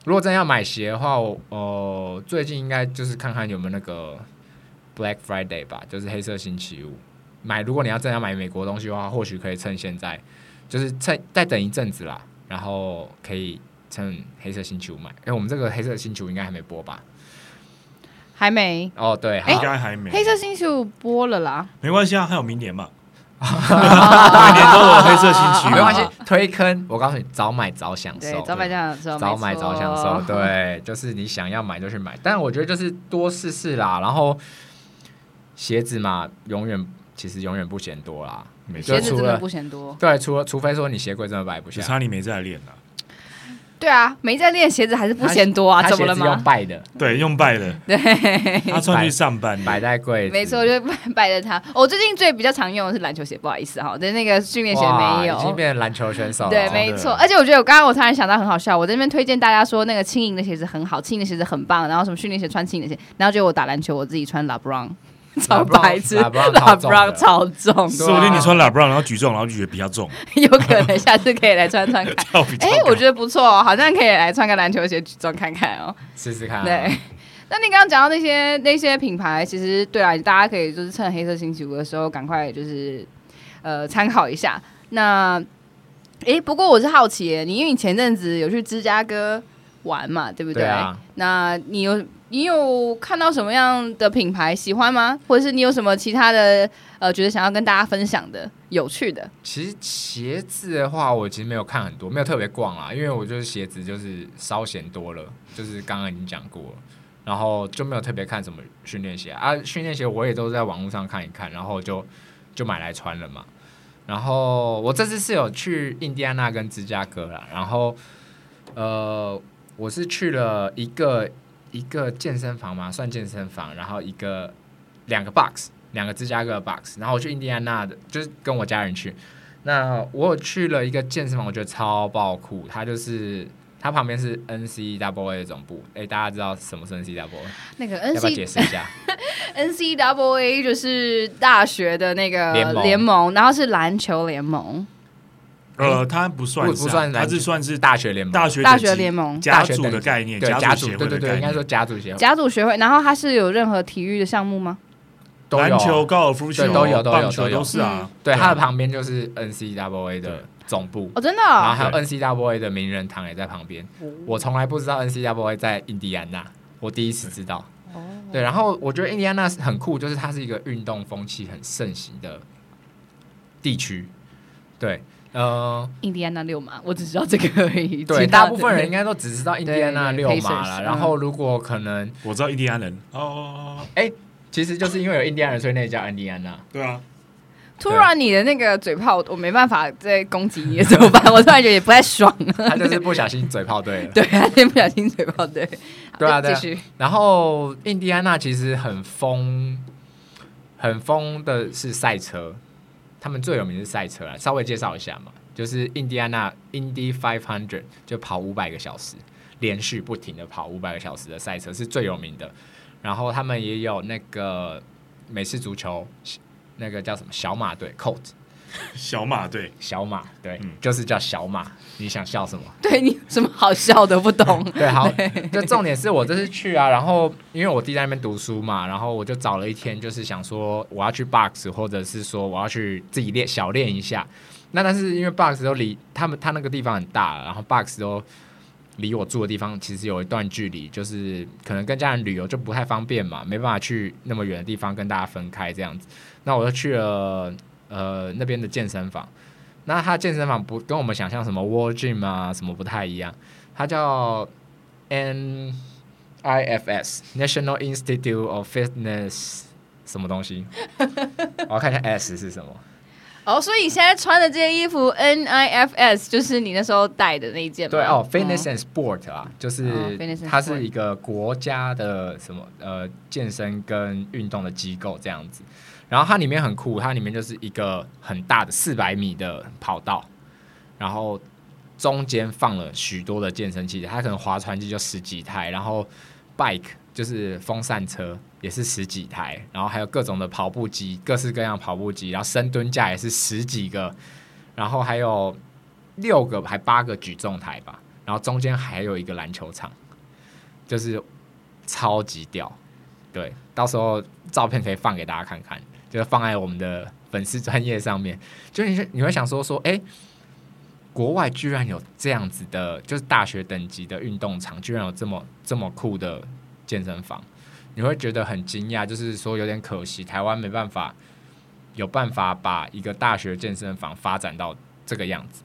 Speaker 2: 如果真要買鞋的話，我呃最近應該就是看看有沒有那個 Black Friday 吧，就是黑色星期五買。如果你要真要買美國東西的話，或許可以趁現在，就是趁再等一陣子啦，然後可以趁黑色星期五買。為、欸、我們這個黑色星期五應該還沒播吧？
Speaker 1: 還沒
Speaker 2: 哦，對，應該還沒。黑色
Speaker 1: 星期五播了啦，
Speaker 2: 沒關係啊，還有明年嘛。 每年都有黑色新鞋、 啊啊，沒關係，推坑。我告訴你，早買早享受。早買這樣，早買早享受。對，就是你想要買就去買。但我覺得就是多試試啦。然後鞋子嘛，永遠其實永遠不嫌多啦。沒錯，鞋子除了不
Speaker 1: 嫌
Speaker 2: 多。對，除了除非說你鞋櫃真的擺不下。查你沒在練呢。
Speaker 1: 對啊，沒在練鞋子還是不嫌多啊？怎麼了嗎？是用拜
Speaker 3: 的，對，用拜的，
Speaker 1: 對。他出去
Speaker 3: 上班，買太貴。沒錯，
Speaker 1: 就拜、是、拜的他。我、oh, 最近最比較常用的是籃球鞋，不好意思哈，對那個訓練鞋沒有，已經
Speaker 2: 變籃球選手了。對，沒錯。
Speaker 1: 而且我覺得我剛剛我突然想到很好笑，我在那邊推薦大家說那個輕盈的鞋子很好，輕盈的鞋子很棒，然後什麼訓練鞋穿輕盈的鞋，然後就我打籃球我自己穿 LeBron 超白痴，拉布朗超重。說不定你穿拉
Speaker 3: 布朗，然後舉重，然後就覺得比較重。
Speaker 1: 有可能下次可以來穿穿看。哎、 欸，我覺得不錯，好像可以來穿個籃球鞋舉重看看哦、喔，試試看、啊。對，那你剛剛講到那些那些品牌，其實對啊，大家可以就是趁黑色星期五的時候，趕快就是呃參考一下。那，哎、欸，不過我是好奇，你因為你前陣子有去芝加哥玩嘛，對不對？對啊、那，你有。你有看到什麼樣的品牌喜歡嗎？或者是你有什麼其他的呃，覺得想要跟大家分享的有趣的？
Speaker 2: 其實鞋子的話，我其實沒有看很多，沒有特別逛啊，因為我就是鞋子就是稍嫌多了，就是剛剛已經講過了，然後就沒有特別看什麼訓練鞋啊，訓練鞋我也都在網絡上看一看，然後就就買來穿了嘛。然後我這次是有去印第安納跟芝加哥啦，然後呃，我是去了一個。一個健身房嘛，算健身房。然後一個兩個 box，兩個芝加哥 box。然後我去印第安納的，就是跟我家人去。那我去了一個健身房，我覺得超爆酷。它就是它旁邊是 NCAA 總部。哎、欸，大家知道什麼是 NCAA？那個 NC 要不要解
Speaker 1: 釋一下 NCAA 就是大學的那個聯盟,聯盟，然後是籃球聯盟。
Speaker 3: 呃，它不算、啊不，不算，它是算是大學聯盟，大學大學聯盟，家族的概念，家族對，會的對對對，應該說家
Speaker 2: 族協會，
Speaker 1: 家族協會。然後它是有任何體育的項目嗎？
Speaker 3: 籃
Speaker 2: 球、高爾夫球都有，對，都有，都有，都是啊。嗯、對，它的旁邊就是 NCAA 的總部哦，真的。然後還有 NCAA 的名人堂也在旁邊、嗯。我從來不知道 NCAA 在印第安納，我第一次知道、嗯。對，然後我覺得印第安納很酷，就是它是一個運動風氣很盛行的地區。對。
Speaker 1: 呃，印第安納溜馬，我只知道這個而已。對，大部分人應該都只知道印第安納溜馬了。然
Speaker 2: 後，如果可能，我知道印第安人哦。哦。哎、哦哦哦，欸，其實就是因為有印第安人，所以那叫印第安納。對啊。對，突
Speaker 1: 然，你的那個嘴炮，我沒辦法再攻擊你，怎麼辦？我突然
Speaker 2: 覺得也不太爽。 他就是不小心嘴炮對了。 對啊，他就不小心嘴炮對。對啊，對，繼續。然後，印第安納其實很瘋，很瘋的是賽車。他們最有名的賽車啊，稍微介紹一下嘛，就是印第安納印第500，就跑五百個小時，連續不停的跑五百個小時的賽車是最有名的，然後他們也有那個美式足球，那個叫什麼小馬隊，Colts。Colt 小馬對，小馬對、嗯，就是叫小馬。你想笑什麼？
Speaker 1: 對你什麼好笑的不懂？ 對，好。
Speaker 2: 就重點是我這是去次啊，然後因為我弟在那邊讀書嘛，然後我就找了一天，就是想說我要去 box，或者是說我要去自己練小練一下。那但是因為 box 都離他們他那個地方很大，然後 box 都離我住的地方其實有一段距離，就是可能跟家人旅遊就不太方便嘛，沒辦法去那麼遠的地方跟大家分開這樣子。那我就去了。呃，那邊的健身房，那它健身房不跟我們想象什麼 World Gym 啊什麼不太一樣，它叫 NIFS National Institute of Fitness 什麼東西？ 我要看一下 S 是什麼
Speaker 1: 哦。Oh, 所以你現在穿的這件衣服 NIFS 就是你那時候帶的那一件嗎？對哦、oh，Fitness and
Speaker 2: Sport 啊，oh. 就是它是一個國家的什麼呃健身跟運動的機構這樣子。然後它裡面很酷，它裡面就是一個很大的四百米的跑道，然後中間放了許多的健身器材，它可能划船機就十幾台，然後 bike 就是風扇車也是十幾台，然後還有各種的跑步機，各式各樣的跑步機，然後深蹲架也是十幾個，然後還有六個還八個舉重台吧，然後中間還有一個籃球場，就是超級屌，對，到時候照片可以放給大家看看。就放在我們的粉絲專頁上面，就是你會想說說，欸，國外居然有這樣子的，就是大學等級的運動場，居然有這麼這麼酷的健身房，你會覺得很驚訝，就是說有點可惜，台灣沒辦法有辦法把一個大學健身房發展到這個樣子。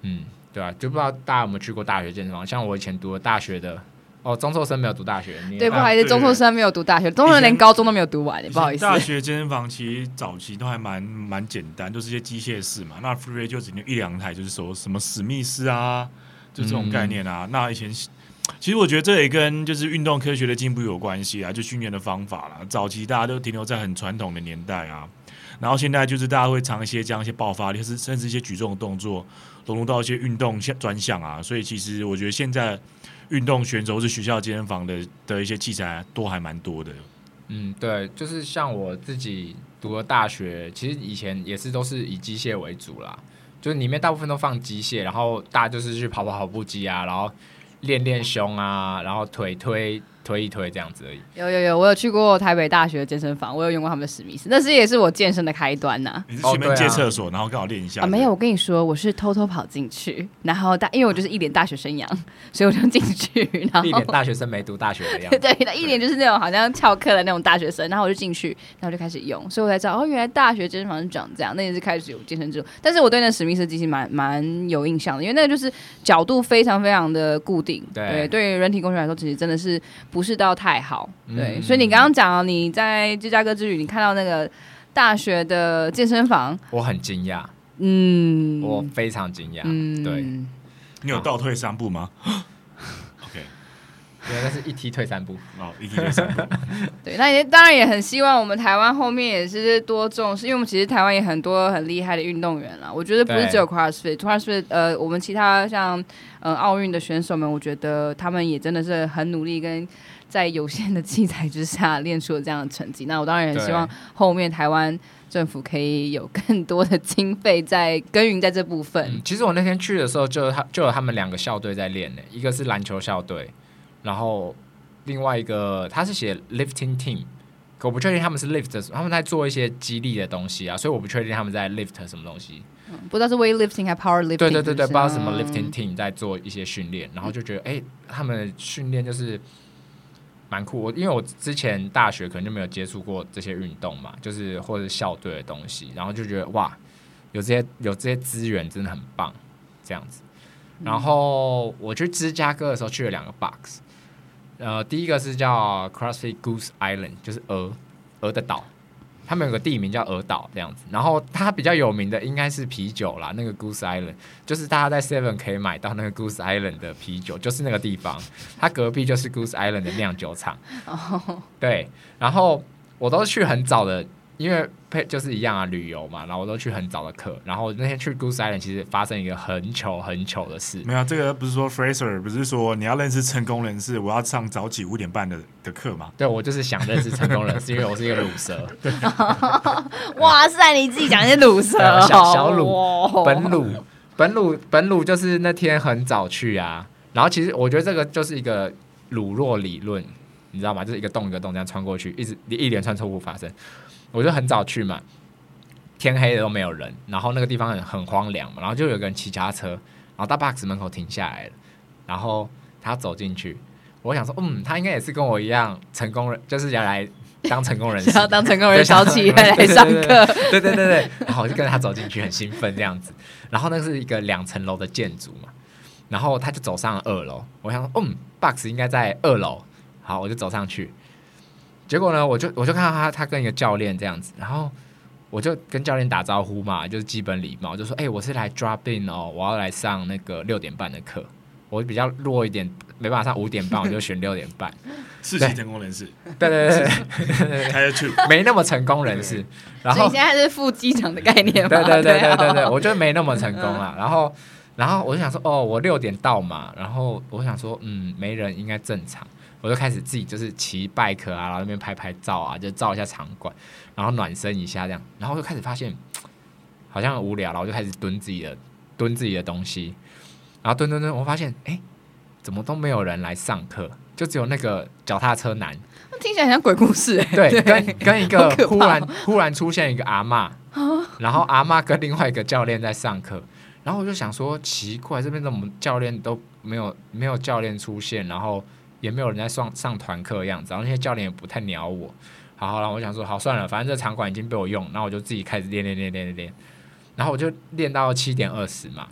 Speaker 2: 嗯，對啊，就不知道大家有沒有去過大學健身房，像我以前讀的大學的。哦，中輟生沒有讀大學。對，不好意思，啊、對對對，中輟
Speaker 1: 生沒有讀大學，中輟連，連高中都沒有讀完。不好意思。大
Speaker 2: 學
Speaker 3: 健身房其實早期都還蠻蠻簡單，就是一些機械式嘛。那 free 就只有一兩台，就是說什麼史密斯啊，就這種概念啊。嗯、那以前其實我覺得這也跟就是運動科學的進步有關係啊，就訓練的方法啦。早期大家都停留在很傳統的年代啊，然後現在就是大家會嘗一些這樣一些爆發力，是甚至一些舉重的動作融入到一些運動專項啊。所以其實我覺得現在。運動選手是學校健身房的的一些器材都還蠻多的。
Speaker 2: 嗯，對，就是像我自己讀了大學，其實以前也是都是以機械為主啦，就是裡面大部分都放機械，然後大家就是去跑跑跑步機啊，然後練練胸啊，然後腿推。推一推這樣子而已。
Speaker 1: 有有有，我有去過台北大學健身房，我有用過他們的史密斯，那是也是我健身的開端吶、啊。你是前面借廁
Speaker 2: 所，然後剛好練一下？
Speaker 1: 沒有，我跟你說，我是偷偷跑進去，然後大，因為我就是一臉大學生樣，所以我就進去，然後 一點大
Speaker 2: 學生沒讀大學的
Speaker 1: 樣子。對，對,對，一年就是那種好像翹課的那種大學生，然後我就進去，然後就開始用，所以我才知道哦，原來大學健身房是長這樣。那也是開始有健身之後。但是我對那史密斯其實蠻蠻有印象的，因為那個就是角度非常非常的固定，對，對於人體工程來說，其實真的是。不是到太好，
Speaker 3: 對，
Speaker 2: 嗯、所以你剛
Speaker 1: 剛講，你在芝加哥之旅，你看到那個大學的健身房，
Speaker 2: 我很驚訝，嗯，我非常驚訝、嗯，對，你有倒退三步嗎？啊對，那是一梯退三步。哦、oh，一梯
Speaker 1: 退三步。 對，那也當然也很希望我們台灣後面也是多重視，因為我們其實台灣也很多很厲害的運動員啦。我覺得不是只有 CrossFit，CrossFit crossfit，呃，我們其他像嗯奧運的選手們，我覺得他們也真的是很努力，跟在有限的器材之下練出了這樣的成績。 那我當然也希望後面台灣政府可以有更多的經費在耕耘在這部分、
Speaker 2: 嗯。其實我那天去的時候，就他就有他們兩個校隊在練呢、欸，一個是籃球校隊。然後另外一個他是寫 lifting team，可我不確定他們是 lift，他們在做一些激勵的東西啊，所以我不確定他們在 lift 什麼東西，嗯、
Speaker 1: 不知道是 weight lifting 還 power lifting。對對對對，不知道什麼 lifting
Speaker 2: team 在做一些訓練，嗯、然後就覺得誒、欸，他們訓練就是蠻酷。我因為我之前大學可能就沒有接觸過這些運動嘛，就是或者校隊的東西，然後就覺得哇，有這些有這些資源真的很棒，這樣子。然後我去芝加哥的時候去了兩個 box。呃，第一個是叫 CrossFit Goose Island，就是鵝，鵝的島，他們有個地名叫鵝島這樣子。然後它比較有名的應該是啤酒啦，那個 Goose Island，就是大家在 Seven 可以買到那個 Goose Island 的啤酒，就是那個地方。它隔壁就是 Goose Island 的釀酒廠。 對，然後我都去很早的。因為配，就是一樣啊，旅遊嘛，然後我都去很早的課。然後那天去 Good Island，其實發生一個很糗很糗的事。沒
Speaker 3: 有這個不是說 Fraser 不是說你要認識成功人士，我要
Speaker 2: 上早起五點半的的課嗎？對，我就是想認識成功人士， 因為我是一個魯蛇
Speaker 1: 對。哇塞，你自己講是魯蛇，小魯本
Speaker 2: 魯本魯本魯，就是那天很早去啊。然後其實我覺得這個就是一個魯若理論，你知道嗎？就是一個洞一個洞這樣穿過去，一直一連串錯誤發生。我就很早去嘛，天黑了都沒有人，然後那個地方很很荒涼嘛，然後就有個人騎腳踏車，然後到 box 門口停下來了，然後他走進去，我想說，嗯，他應該也是跟我一樣成功人，就是原來當成功人士，要當成功人小企來上課，對對對對,對, 對,對對對對，然後我就跟着他走進去，很興奮這樣子， 然後那是一個兩層樓的建築嘛，然後他就走上了二樓，我想說，嗯，box 應該在二樓，好，我就走上去。結果呢，我就我就看到他，他跟一個教練這樣子，然後我就跟教練打招呼嘛，就是基本禮貌，我就說：“哎、欸，我是來 drop in 哦，我要來上那個六點半的課。我比較弱一點，沒辦法上五點半， 我就選六點半。”是成功人士，對對對，對有 t 沒那麼成功人士。然後你現
Speaker 1: 在是副機長的概念嗎？對對對對對對， 我就
Speaker 2: 沒那麼成功啦，然後然後我就想說，哦，我六點到嘛，然後我想說，嗯，沒人應該正常。我就開始自己就是騎拜 i 啊，然後那邊拍拍照啊，就照一下場館，然後暖身一下這樣，然後我就開始發現好像很無聊，然後我就開始蹲自己的蹲自己的東西，然後蹲蹲蹲，我發現哎、欸，怎麼都沒有人來上課？就只有那個腳踏車男。
Speaker 1: 那聽起來很像鬼故事、欸，對。對，跟跟一個忽然、
Speaker 2: 喔、忽然出現一個阿媽，然後阿媽跟另外一個教練在上課，然後我就想說奇怪，這邊怎麼教練都沒有沒有教練出現，然後。也沒有人在上上團課的樣子，然後那些教練也不太鳥我。然後我想說，好算了，反正這場館已經被我用，然後我就自己開始練練練練練練。然後我就練到七點二十嘛。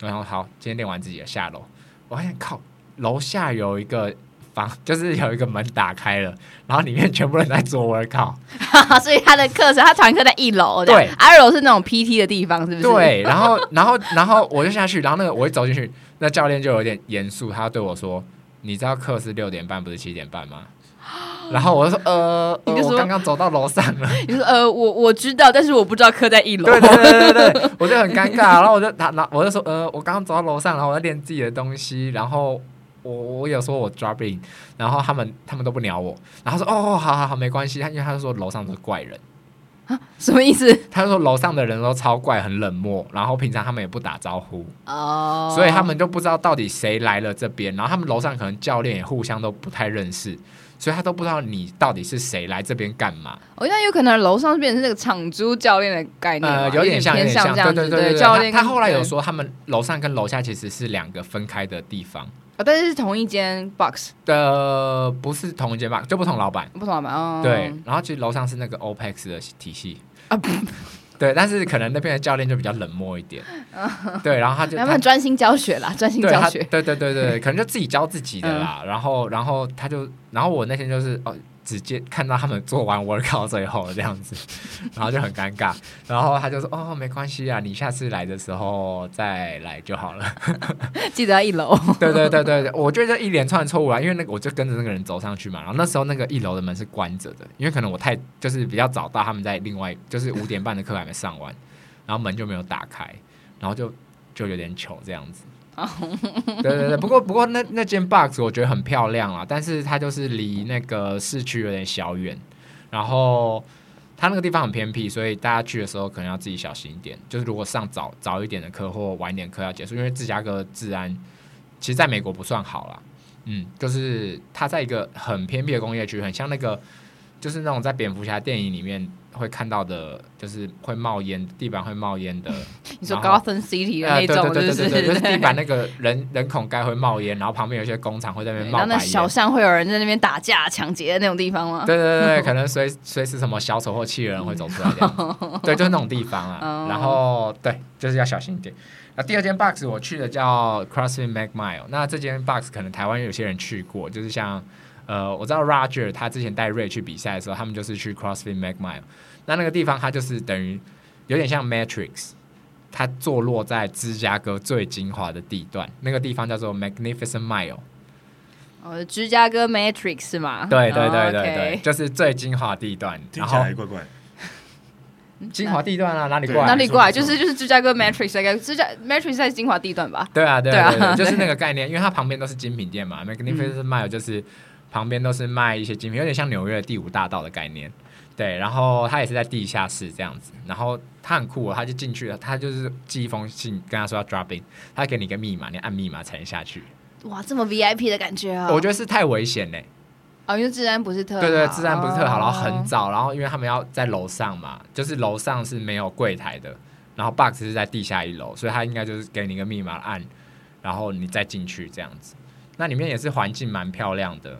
Speaker 2: 然後好，今天練完自己也下樓，我還想靠，樓下有一個房，就是有一個門打開了，然後裡面全部人在做。我靠！
Speaker 1: 所以他的課程，他團課在一樓，對，二樓是那種 PT 的地方，是不是？對。然
Speaker 2: 後，然後，然後我就下去，然後那個我一走進去， 那教練就有點嚴肅，他對我說。你知道課是六點半，不是七點半嗎？然後我就說呃，呃你就說我剛剛走到樓上了。你
Speaker 1: 說呃，我我知道，但是我不知道課在一樓。對 對對對
Speaker 2: 對，我就很尷尬。然後我就拿拿，然我就說呃，我剛剛走到樓上，然後我在練自己的東西。然後我我有說我 drop in，然後他們他們都不鳥我。然後說哦好好好，沒關係。他因為他說樓上是怪人。什麼意思？他說樓上的人都超怪，很冷漠，然後平常他們也不打招呼哦，oh. 所以他們都不知道到底誰來了這邊。然後他們樓上可能教練也互相都不太認識，所以他都不知道你到底是誰來這邊幹嘛。
Speaker 1: 我覺得有可能樓上這邊是個場租教練的概念，呃，有點像，有點像，點像對對對,對,對,對,對,對教練他後來有說，
Speaker 2: 他們樓上跟樓下其實是兩個分開的地方。
Speaker 1: 哦，但是是同一間 box
Speaker 2: 的，呃，不是同一間 box，就不同老板，
Speaker 1: 不同老闆哦。對，
Speaker 2: 然後其實樓上是那個 OPEX 的體系啊， 對，但是可能那邊的教練就比較冷漠一點。哦、對，然後他就他，他
Speaker 1: 專心教學啦，專心教學。
Speaker 2: 對對對對，可能就自己教自己的啦。嗯、然後然後他就，然後我那天就是哦。直接看到他們做完 workout 最後這樣子，然後就很尷尬， 然後他就說：“哦，沒關係啊，你下次來的時候再來就好了。
Speaker 1: ”記得要一樓。對對
Speaker 2: 對對，我覺得一連串的錯誤啊，因為那個我就跟着那個人走上去嘛，然後那時候那個一樓的門是關着的，因為可能我太就是比較早到，他們在另外就是五點半的課還沒上完， 然後門就沒有打開，然後就就有點糗這樣子。
Speaker 1: 對對
Speaker 2: 對，不過不過那那間 box 我覺得很漂亮啊，但是它就是離那個市區有點小遠，然後它那個地方很偏僻，所以大家去的時候可能要自己小心一點。就是如果上早早一點的課或晚一點課要結束，因為芝加哥治安其實在美國不算好啦。嗯，就是它在一個很偏僻的工業區，很像那個就是那種在蝙蝠俠電影裡面。會看到的就是會冒煙，地板會冒煙的。你說 Gotham City 的那種，就是、呃、對對對對對對，就是地板那個人 人孔蓋會冒煙，然後旁邊有一些工廠會在那邊冒白煙。那小
Speaker 1: 巷會有人在那邊打架、搶劫的那種地方嗎？對
Speaker 2: 對對，可能隨隨時什麼小丑或氣人會走出來。 對，就是那種地方啊。然後對，就是要小心一點。那第二間 Box 我去的叫 Crossing Mag Mile，那這間 Box 可能台灣有些人去過，就是像。呃，我知道 Roger 他之前帶瑞去比賽的時候，他們就是去 CrossFit Mag Mile。那那個地方它就是等於有點像 Matrix，它坐落在芝加哥最精華的地段。那個地方叫做 Magnificent Mile。
Speaker 1: 哦，芝加哥 Matrix 是嗎？對對對對對，oh, okay.
Speaker 2: 就是最精華地段。然後聽起來還怪怪。 精華地段啊，哪裡怪哪裡怪，你說你說？
Speaker 1: 就是就是芝加哥 Matrix 那個、嗯、芝加 Matrix 在精華地段吧？對啊對啊， 就是那
Speaker 2: 個概念，因為它旁邊都是精品店嘛。Magnificent、嗯、Mile 就是。旁邊都是賣一些精品，有點像紐約的第五大道的概念。對，然後它也是在地下室這樣子。然後它很酷，喔，他就進去了，他就是寄一封信跟他說要 drop in，他給你一個密碼，你按密碼才能下去。
Speaker 1: 哇，這麼 VIP 的感覺啊、喔！我
Speaker 2: 覺得是太危險嘞、
Speaker 1: 欸、啊、哦，因為治安不是特好對，對對，治安不是特好，然後很
Speaker 2: 早，哦、然後因為他們要在樓上嘛，就是樓上是沒有櫃檯的，然後 box 是在地下一樓，所以他應該就是給你一個密碼按，然後你再進去這樣子。那裡面也是環境蠻漂亮的。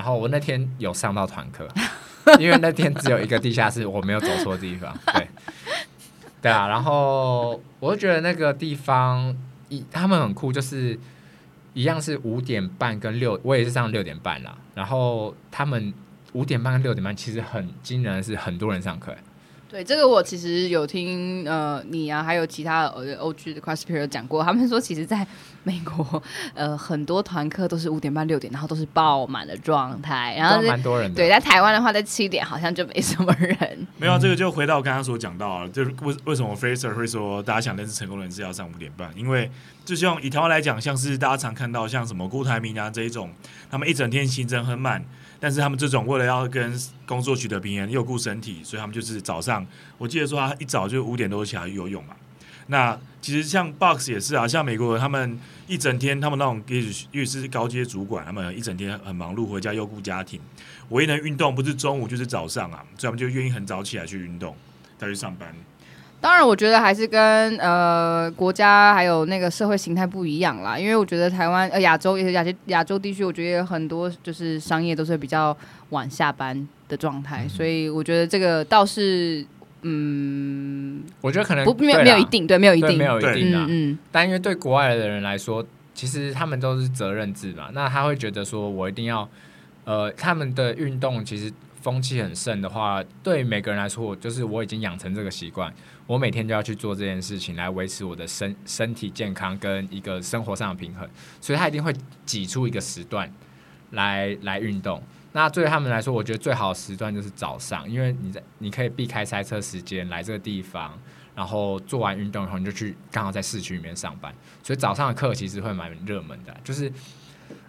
Speaker 2: 然後我那天有上到團課， 因為那天只有一個地下室， 我沒有走錯地方。對，對啊。然後我就覺得那個地方一他們很酷，就是一樣是五點半跟六，我也是上六點半啦。然後他們五點半跟六點半其實很驚人是很多人上課、欸。
Speaker 1: 對，這個我其實有聽呃你啊，還有其他的 OG 的 CrossFitter 講過，他們說其實在。美國呃很多團課都是五點半六點，然後都是爆滿的狀態，然後蠻、就是、多人對。在台灣的話，在七點好像就沒什麼人。嗯、
Speaker 3: 沒有、啊、這個就回到我剛剛所講到，就為為什麼 Fraser 會說大家想認識成功人士要上五點半？因為就像以台灣來講，像是大家常看到像什麼郭台銘啊這一種，他們一整天行程很滿，但是他們這種為了要跟工作取得平衡又顧身體，所以他們就是早上，我記得說他一早就五點多起來游泳嘛。那其實像 Box 也是啊，像美國他們一整天，他們那種也是也是高階主管，他們一整天很忙碌，回家又顧家庭，唯一能運動不是中午就是早上啊，所以他們就願意很早起來去運動，再去上班。
Speaker 1: 當然，我覺得還是跟呃國家還有那個社會形態不一樣啦，因為我覺得台灣呃亞洲也是亞洲亞洲地區，我覺得很多就是商業都是比較晚下班的狀態、嗯，所以我覺得這個倒是。
Speaker 2: 嗯，我覺得可能，不，沒有沒有一定對，對，沒有一定對，沒有一定的，嗯，但因為對國外的人來說，其實他們都是責任制嘛，那他會覺得說，我一定要，呃，他們的運動其實風氣很盛的話，對每個人來說，就是我已經養成這個習慣，我每天就要去做這件事情來維持我的身身體健康跟一個生活上的平衡，所以他一定會擠出一個時段來來運動。那對他們來說，我覺得最好時段就是早上，因為你在你可以避開塞車時間來這個地方，然後做完運動以後你就去剛好在市區裡面上班，所以早上的課其實會蠻熱門的。就是，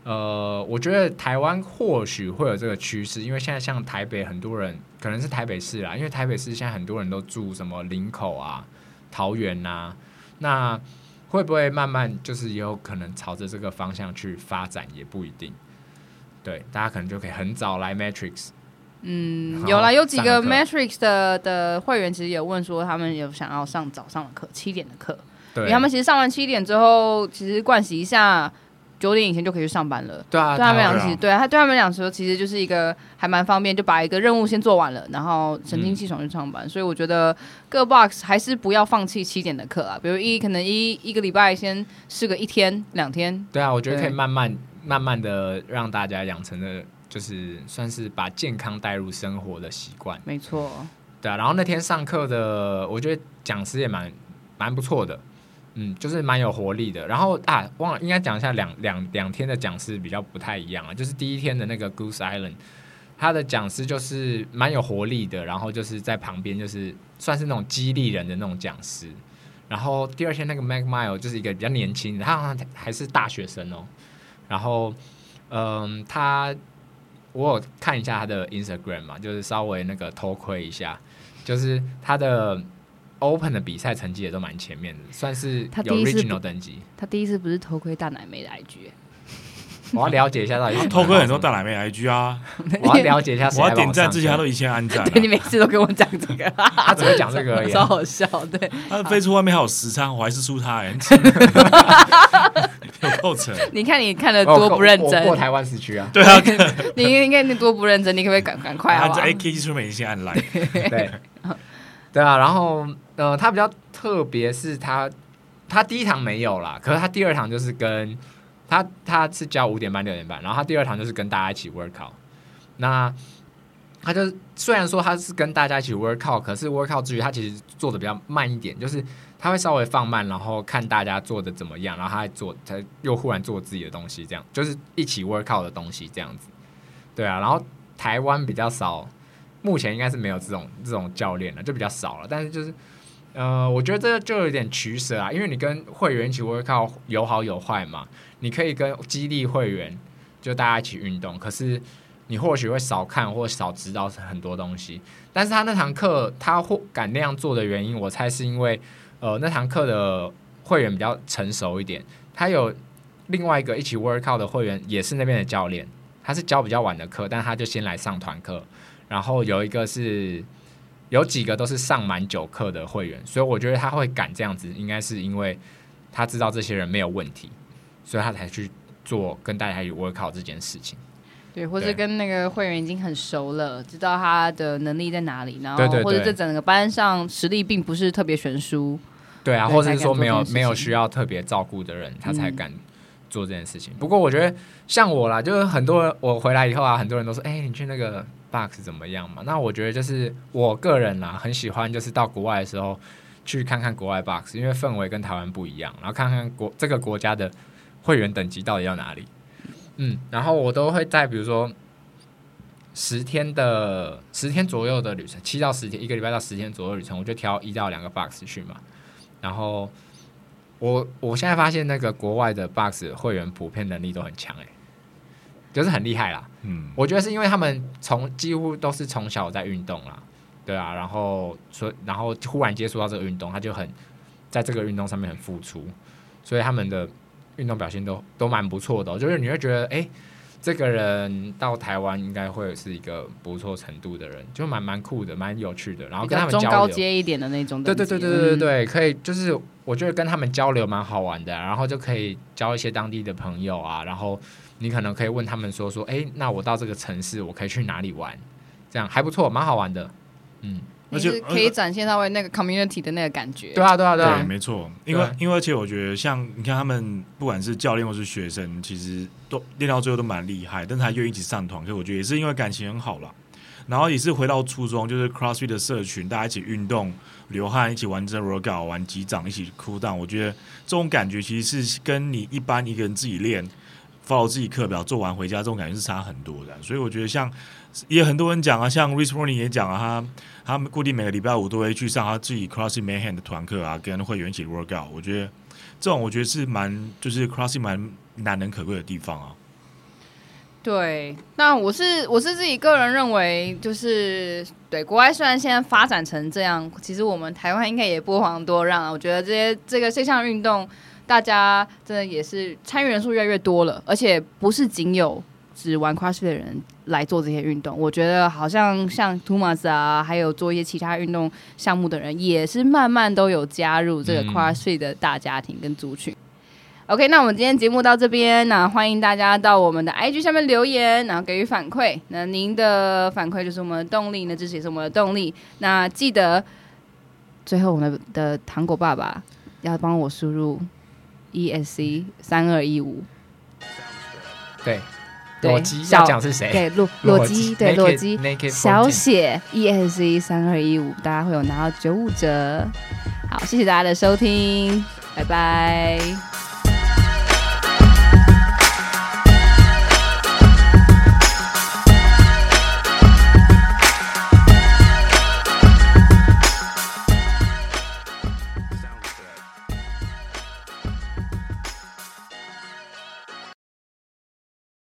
Speaker 2: 呃，我覺得台灣或許會有這個趨勢，因為現在像台北很多人可能是台北市啦，因為台北市現在很多人都住什麼林口啊、桃園啊，那會不會慢慢就是也有可能朝着這個方向去發展也不一定。對，大家可能就可以很早來 Matrix。嗯，有啦，有幾個
Speaker 1: Matrix 的的會員其實也問說，他們有想要上早上的課，七點的課。
Speaker 2: 對，他們其實
Speaker 1: 上完七點之後，其實盥洗一下，九點以前就可以去上班了。對啊，對他們講起，對啊，他對他們講說，其實就是一個還蠻方便，就把一個任務先做完了，然後神清氣爽去上班，嗯。所以我覺得各 Box 還是不要放棄七點的課啊，比如一可能一一個禮拜先試個一天兩天。對啊，我覺得可以
Speaker 2: 慢慢對，慢慢的讓大家養成了，就是算是把健康帶入生活的習慣。沒錯，對啊。然後那天上課的，我覺得講師也蠻蠻不錯的，嗯，就是蠻有活力的。然後啊，忘了應該講一下兩兩兩天的講師比較不太一樣啊。就是第一天的那個 Goose Island，他的講師就是蠻有活力的，然後就是在旁邊就是算是那種激勵人的那種講師。然後第二天那個 Mac Mile 就是一個比較年輕的，他好像還是大學生哦。然後，嗯，他我有看一下他的 Instagram 嘛，就是稍微那個偷窺一下，就是他的 Open 的比賽成績也都蠻前面的，算是有 Regional 等級。
Speaker 1: 他第一次不是偷窺大奶妹的 IG 欸。
Speaker 2: 我要了解一下到底，、啊。濤哥很多大奶沒 IG 啊，我要了解一下我。我要點讚之前他都一鍵按讚、啊。你
Speaker 1: 每次都跟我講這個，啊、他只講這個而已、啊，、好
Speaker 3: 笑。對。他飛出外面還有時差，我還是輸他人、欸 啊，有構成？你看你看得多不認真，我我我過台灣時區啊？對啊，
Speaker 2: 你
Speaker 1: 你看你多不認真，你可不可以趕趕快
Speaker 2: 啊？他、啊、AK 出沒一鍵按來。對。對啊，然後呃，他比較特別是他他第一堂沒有了，可是他第二堂就是跟。他他是教五點半六點半，然後他第二堂就是跟大家一起 workout。那他就是雖然說他是跟大家一起 workout，可是 workout 之餘，他其實做的比較慢一點，就是他會稍微放慢，然後看大家做的怎麼樣，然後他做他又忽然做自己的東西，這樣就是一起 workout 的東西這樣子。對啊，然後台灣比較少，目前應該是沒有這種這種教練了，就比較少了。但是就是呃，我覺得這就有點取舍啊，因為你跟會員一起 workout 有好有壞嘛。你可以跟激勵會員，就大家一起運動。可是你或許會少看或少知道很多東西。但是他那堂課，他會敢那樣做的原因，我猜是因為，呃，那堂課的會員比較成熟一點。他有另外一個一起 work out 的會員，也是那邊的教練。他是教比較晚的課，但他就先來上團課。然後有一個是有幾個都是上滿九課的會員，所以我覺得他會敢這樣子，應該是因為他知道這些人沒有問題。所以他才去做跟大家去 workout 這件事情，
Speaker 1: 對，或者跟那個會員已經很熟了，知道他的能力在哪裡，然後對對對，或者在整個班上實力並不是特別懸殊，
Speaker 2: 對啊，對，或者是說沒有沒有需要特別照顧的人，他才敢做這件事情，嗯。不過我覺得像我啦，就是很多人，嗯、我回來以後啊，很多人都說，哎、欸，你去那個 box 怎麼樣嘛？那我覺得就是我個人啦、啊，很喜歡就是到國外的時候去看看國外 box，因為氛圍跟台灣不一樣，然後看看國這個國家的。會員等級到底要哪裡？嗯，然後我都會在比如說十天的十天左右的旅程，七到十天一個禮拜到十天左右的旅程，我就挑一到兩個 box 去嘛。然後我我現在發現那個國外的 box 會員普遍能力都很強、欸，誒，就是很厲害啦。嗯，我覺得是因為他們從幾乎都是從小在運動啦，對啊，然後所然後忽然接觸到這個運動，他就很在這個運動上面很付出，所以他們的。運動表現都都蠻不錯的喔，就是你會覺得，誒，這個人到台灣應該會是一個不錯程度的人，就蠻蠻酷的，蠻有趣的。然後跟他們交流，中高階
Speaker 1: 一點的那種。對對對對對
Speaker 2: 對，可以，就是我覺得跟他們交流蠻好玩的，然後就可以交一些當地的朋友啊，然後你可能可以問他們說說，誒，那我到這個城市，我可以去哪裡玩？這樣還不錯，蠻好玩的，嗯。就是可以
Speaker 1: 展現他為那個 community 的那個感覺，呃。對啊，對啊，對啊，
Speaker 2: 對啊對啊對沒錯，因為、啊、因為而且我覺得像你
Speaker 3: 看他們，不管是教練或是學生，其實都練到最後都蠻厲害，但他願意一起上團，所以我覺得也是因為感情很好了。然後也是回到初衷，就是 CrossFit 的社群，大家一起運動、流汗，一起玩這 Rogue 玩擊掌、一起 cool down。我覺得這種感覺其實是跟你一般一個人自己練。follow 自己課表做完回家這種感覺是差很多的，所以我覺得像也有很多人講啊，像 Rich Froning 也講啊，他他們固定每個禮拜五都會去上他自己 CrossFit Mayhem 的團課啊，跟會員一起 workout。我覺得這種我覺得是蠻就是 CrossFit 蠻難能可貴的地方啊。
Speaker 1: 對，那我是我是自己個人認為就是對國外雖然現在發展成這樣，其實我們台灣應該也不遑多讓。啊，我覺得這些這個這項運動。大家真的也是參與人數越來越多了，而且不是僅有只玩跨 r 的人來做這些運動。我覺得好像像 t 馬斯 m a 啊，還有做一些其他運動項目的人，也是慢慢都有加入這個跨 r 的大家庭跟族群。嗯、OK，那我們今天節目到這邊，那歡迎大家到我們的 IG 下面留言，然後給予反饋。那您的反饋就是我們的動力，那這些也是我們的動力。那記得最後我們的糖果爸爸要幫我輸入。ESC 三二一五，
Speaker 2: 對，對，小獎是誰？對，洛洛基，基，對，洛基，小寫
Speaker 1: ESC 三二一五，大家會有拿到九五折。好，謝謝大家的收聽，拜拜。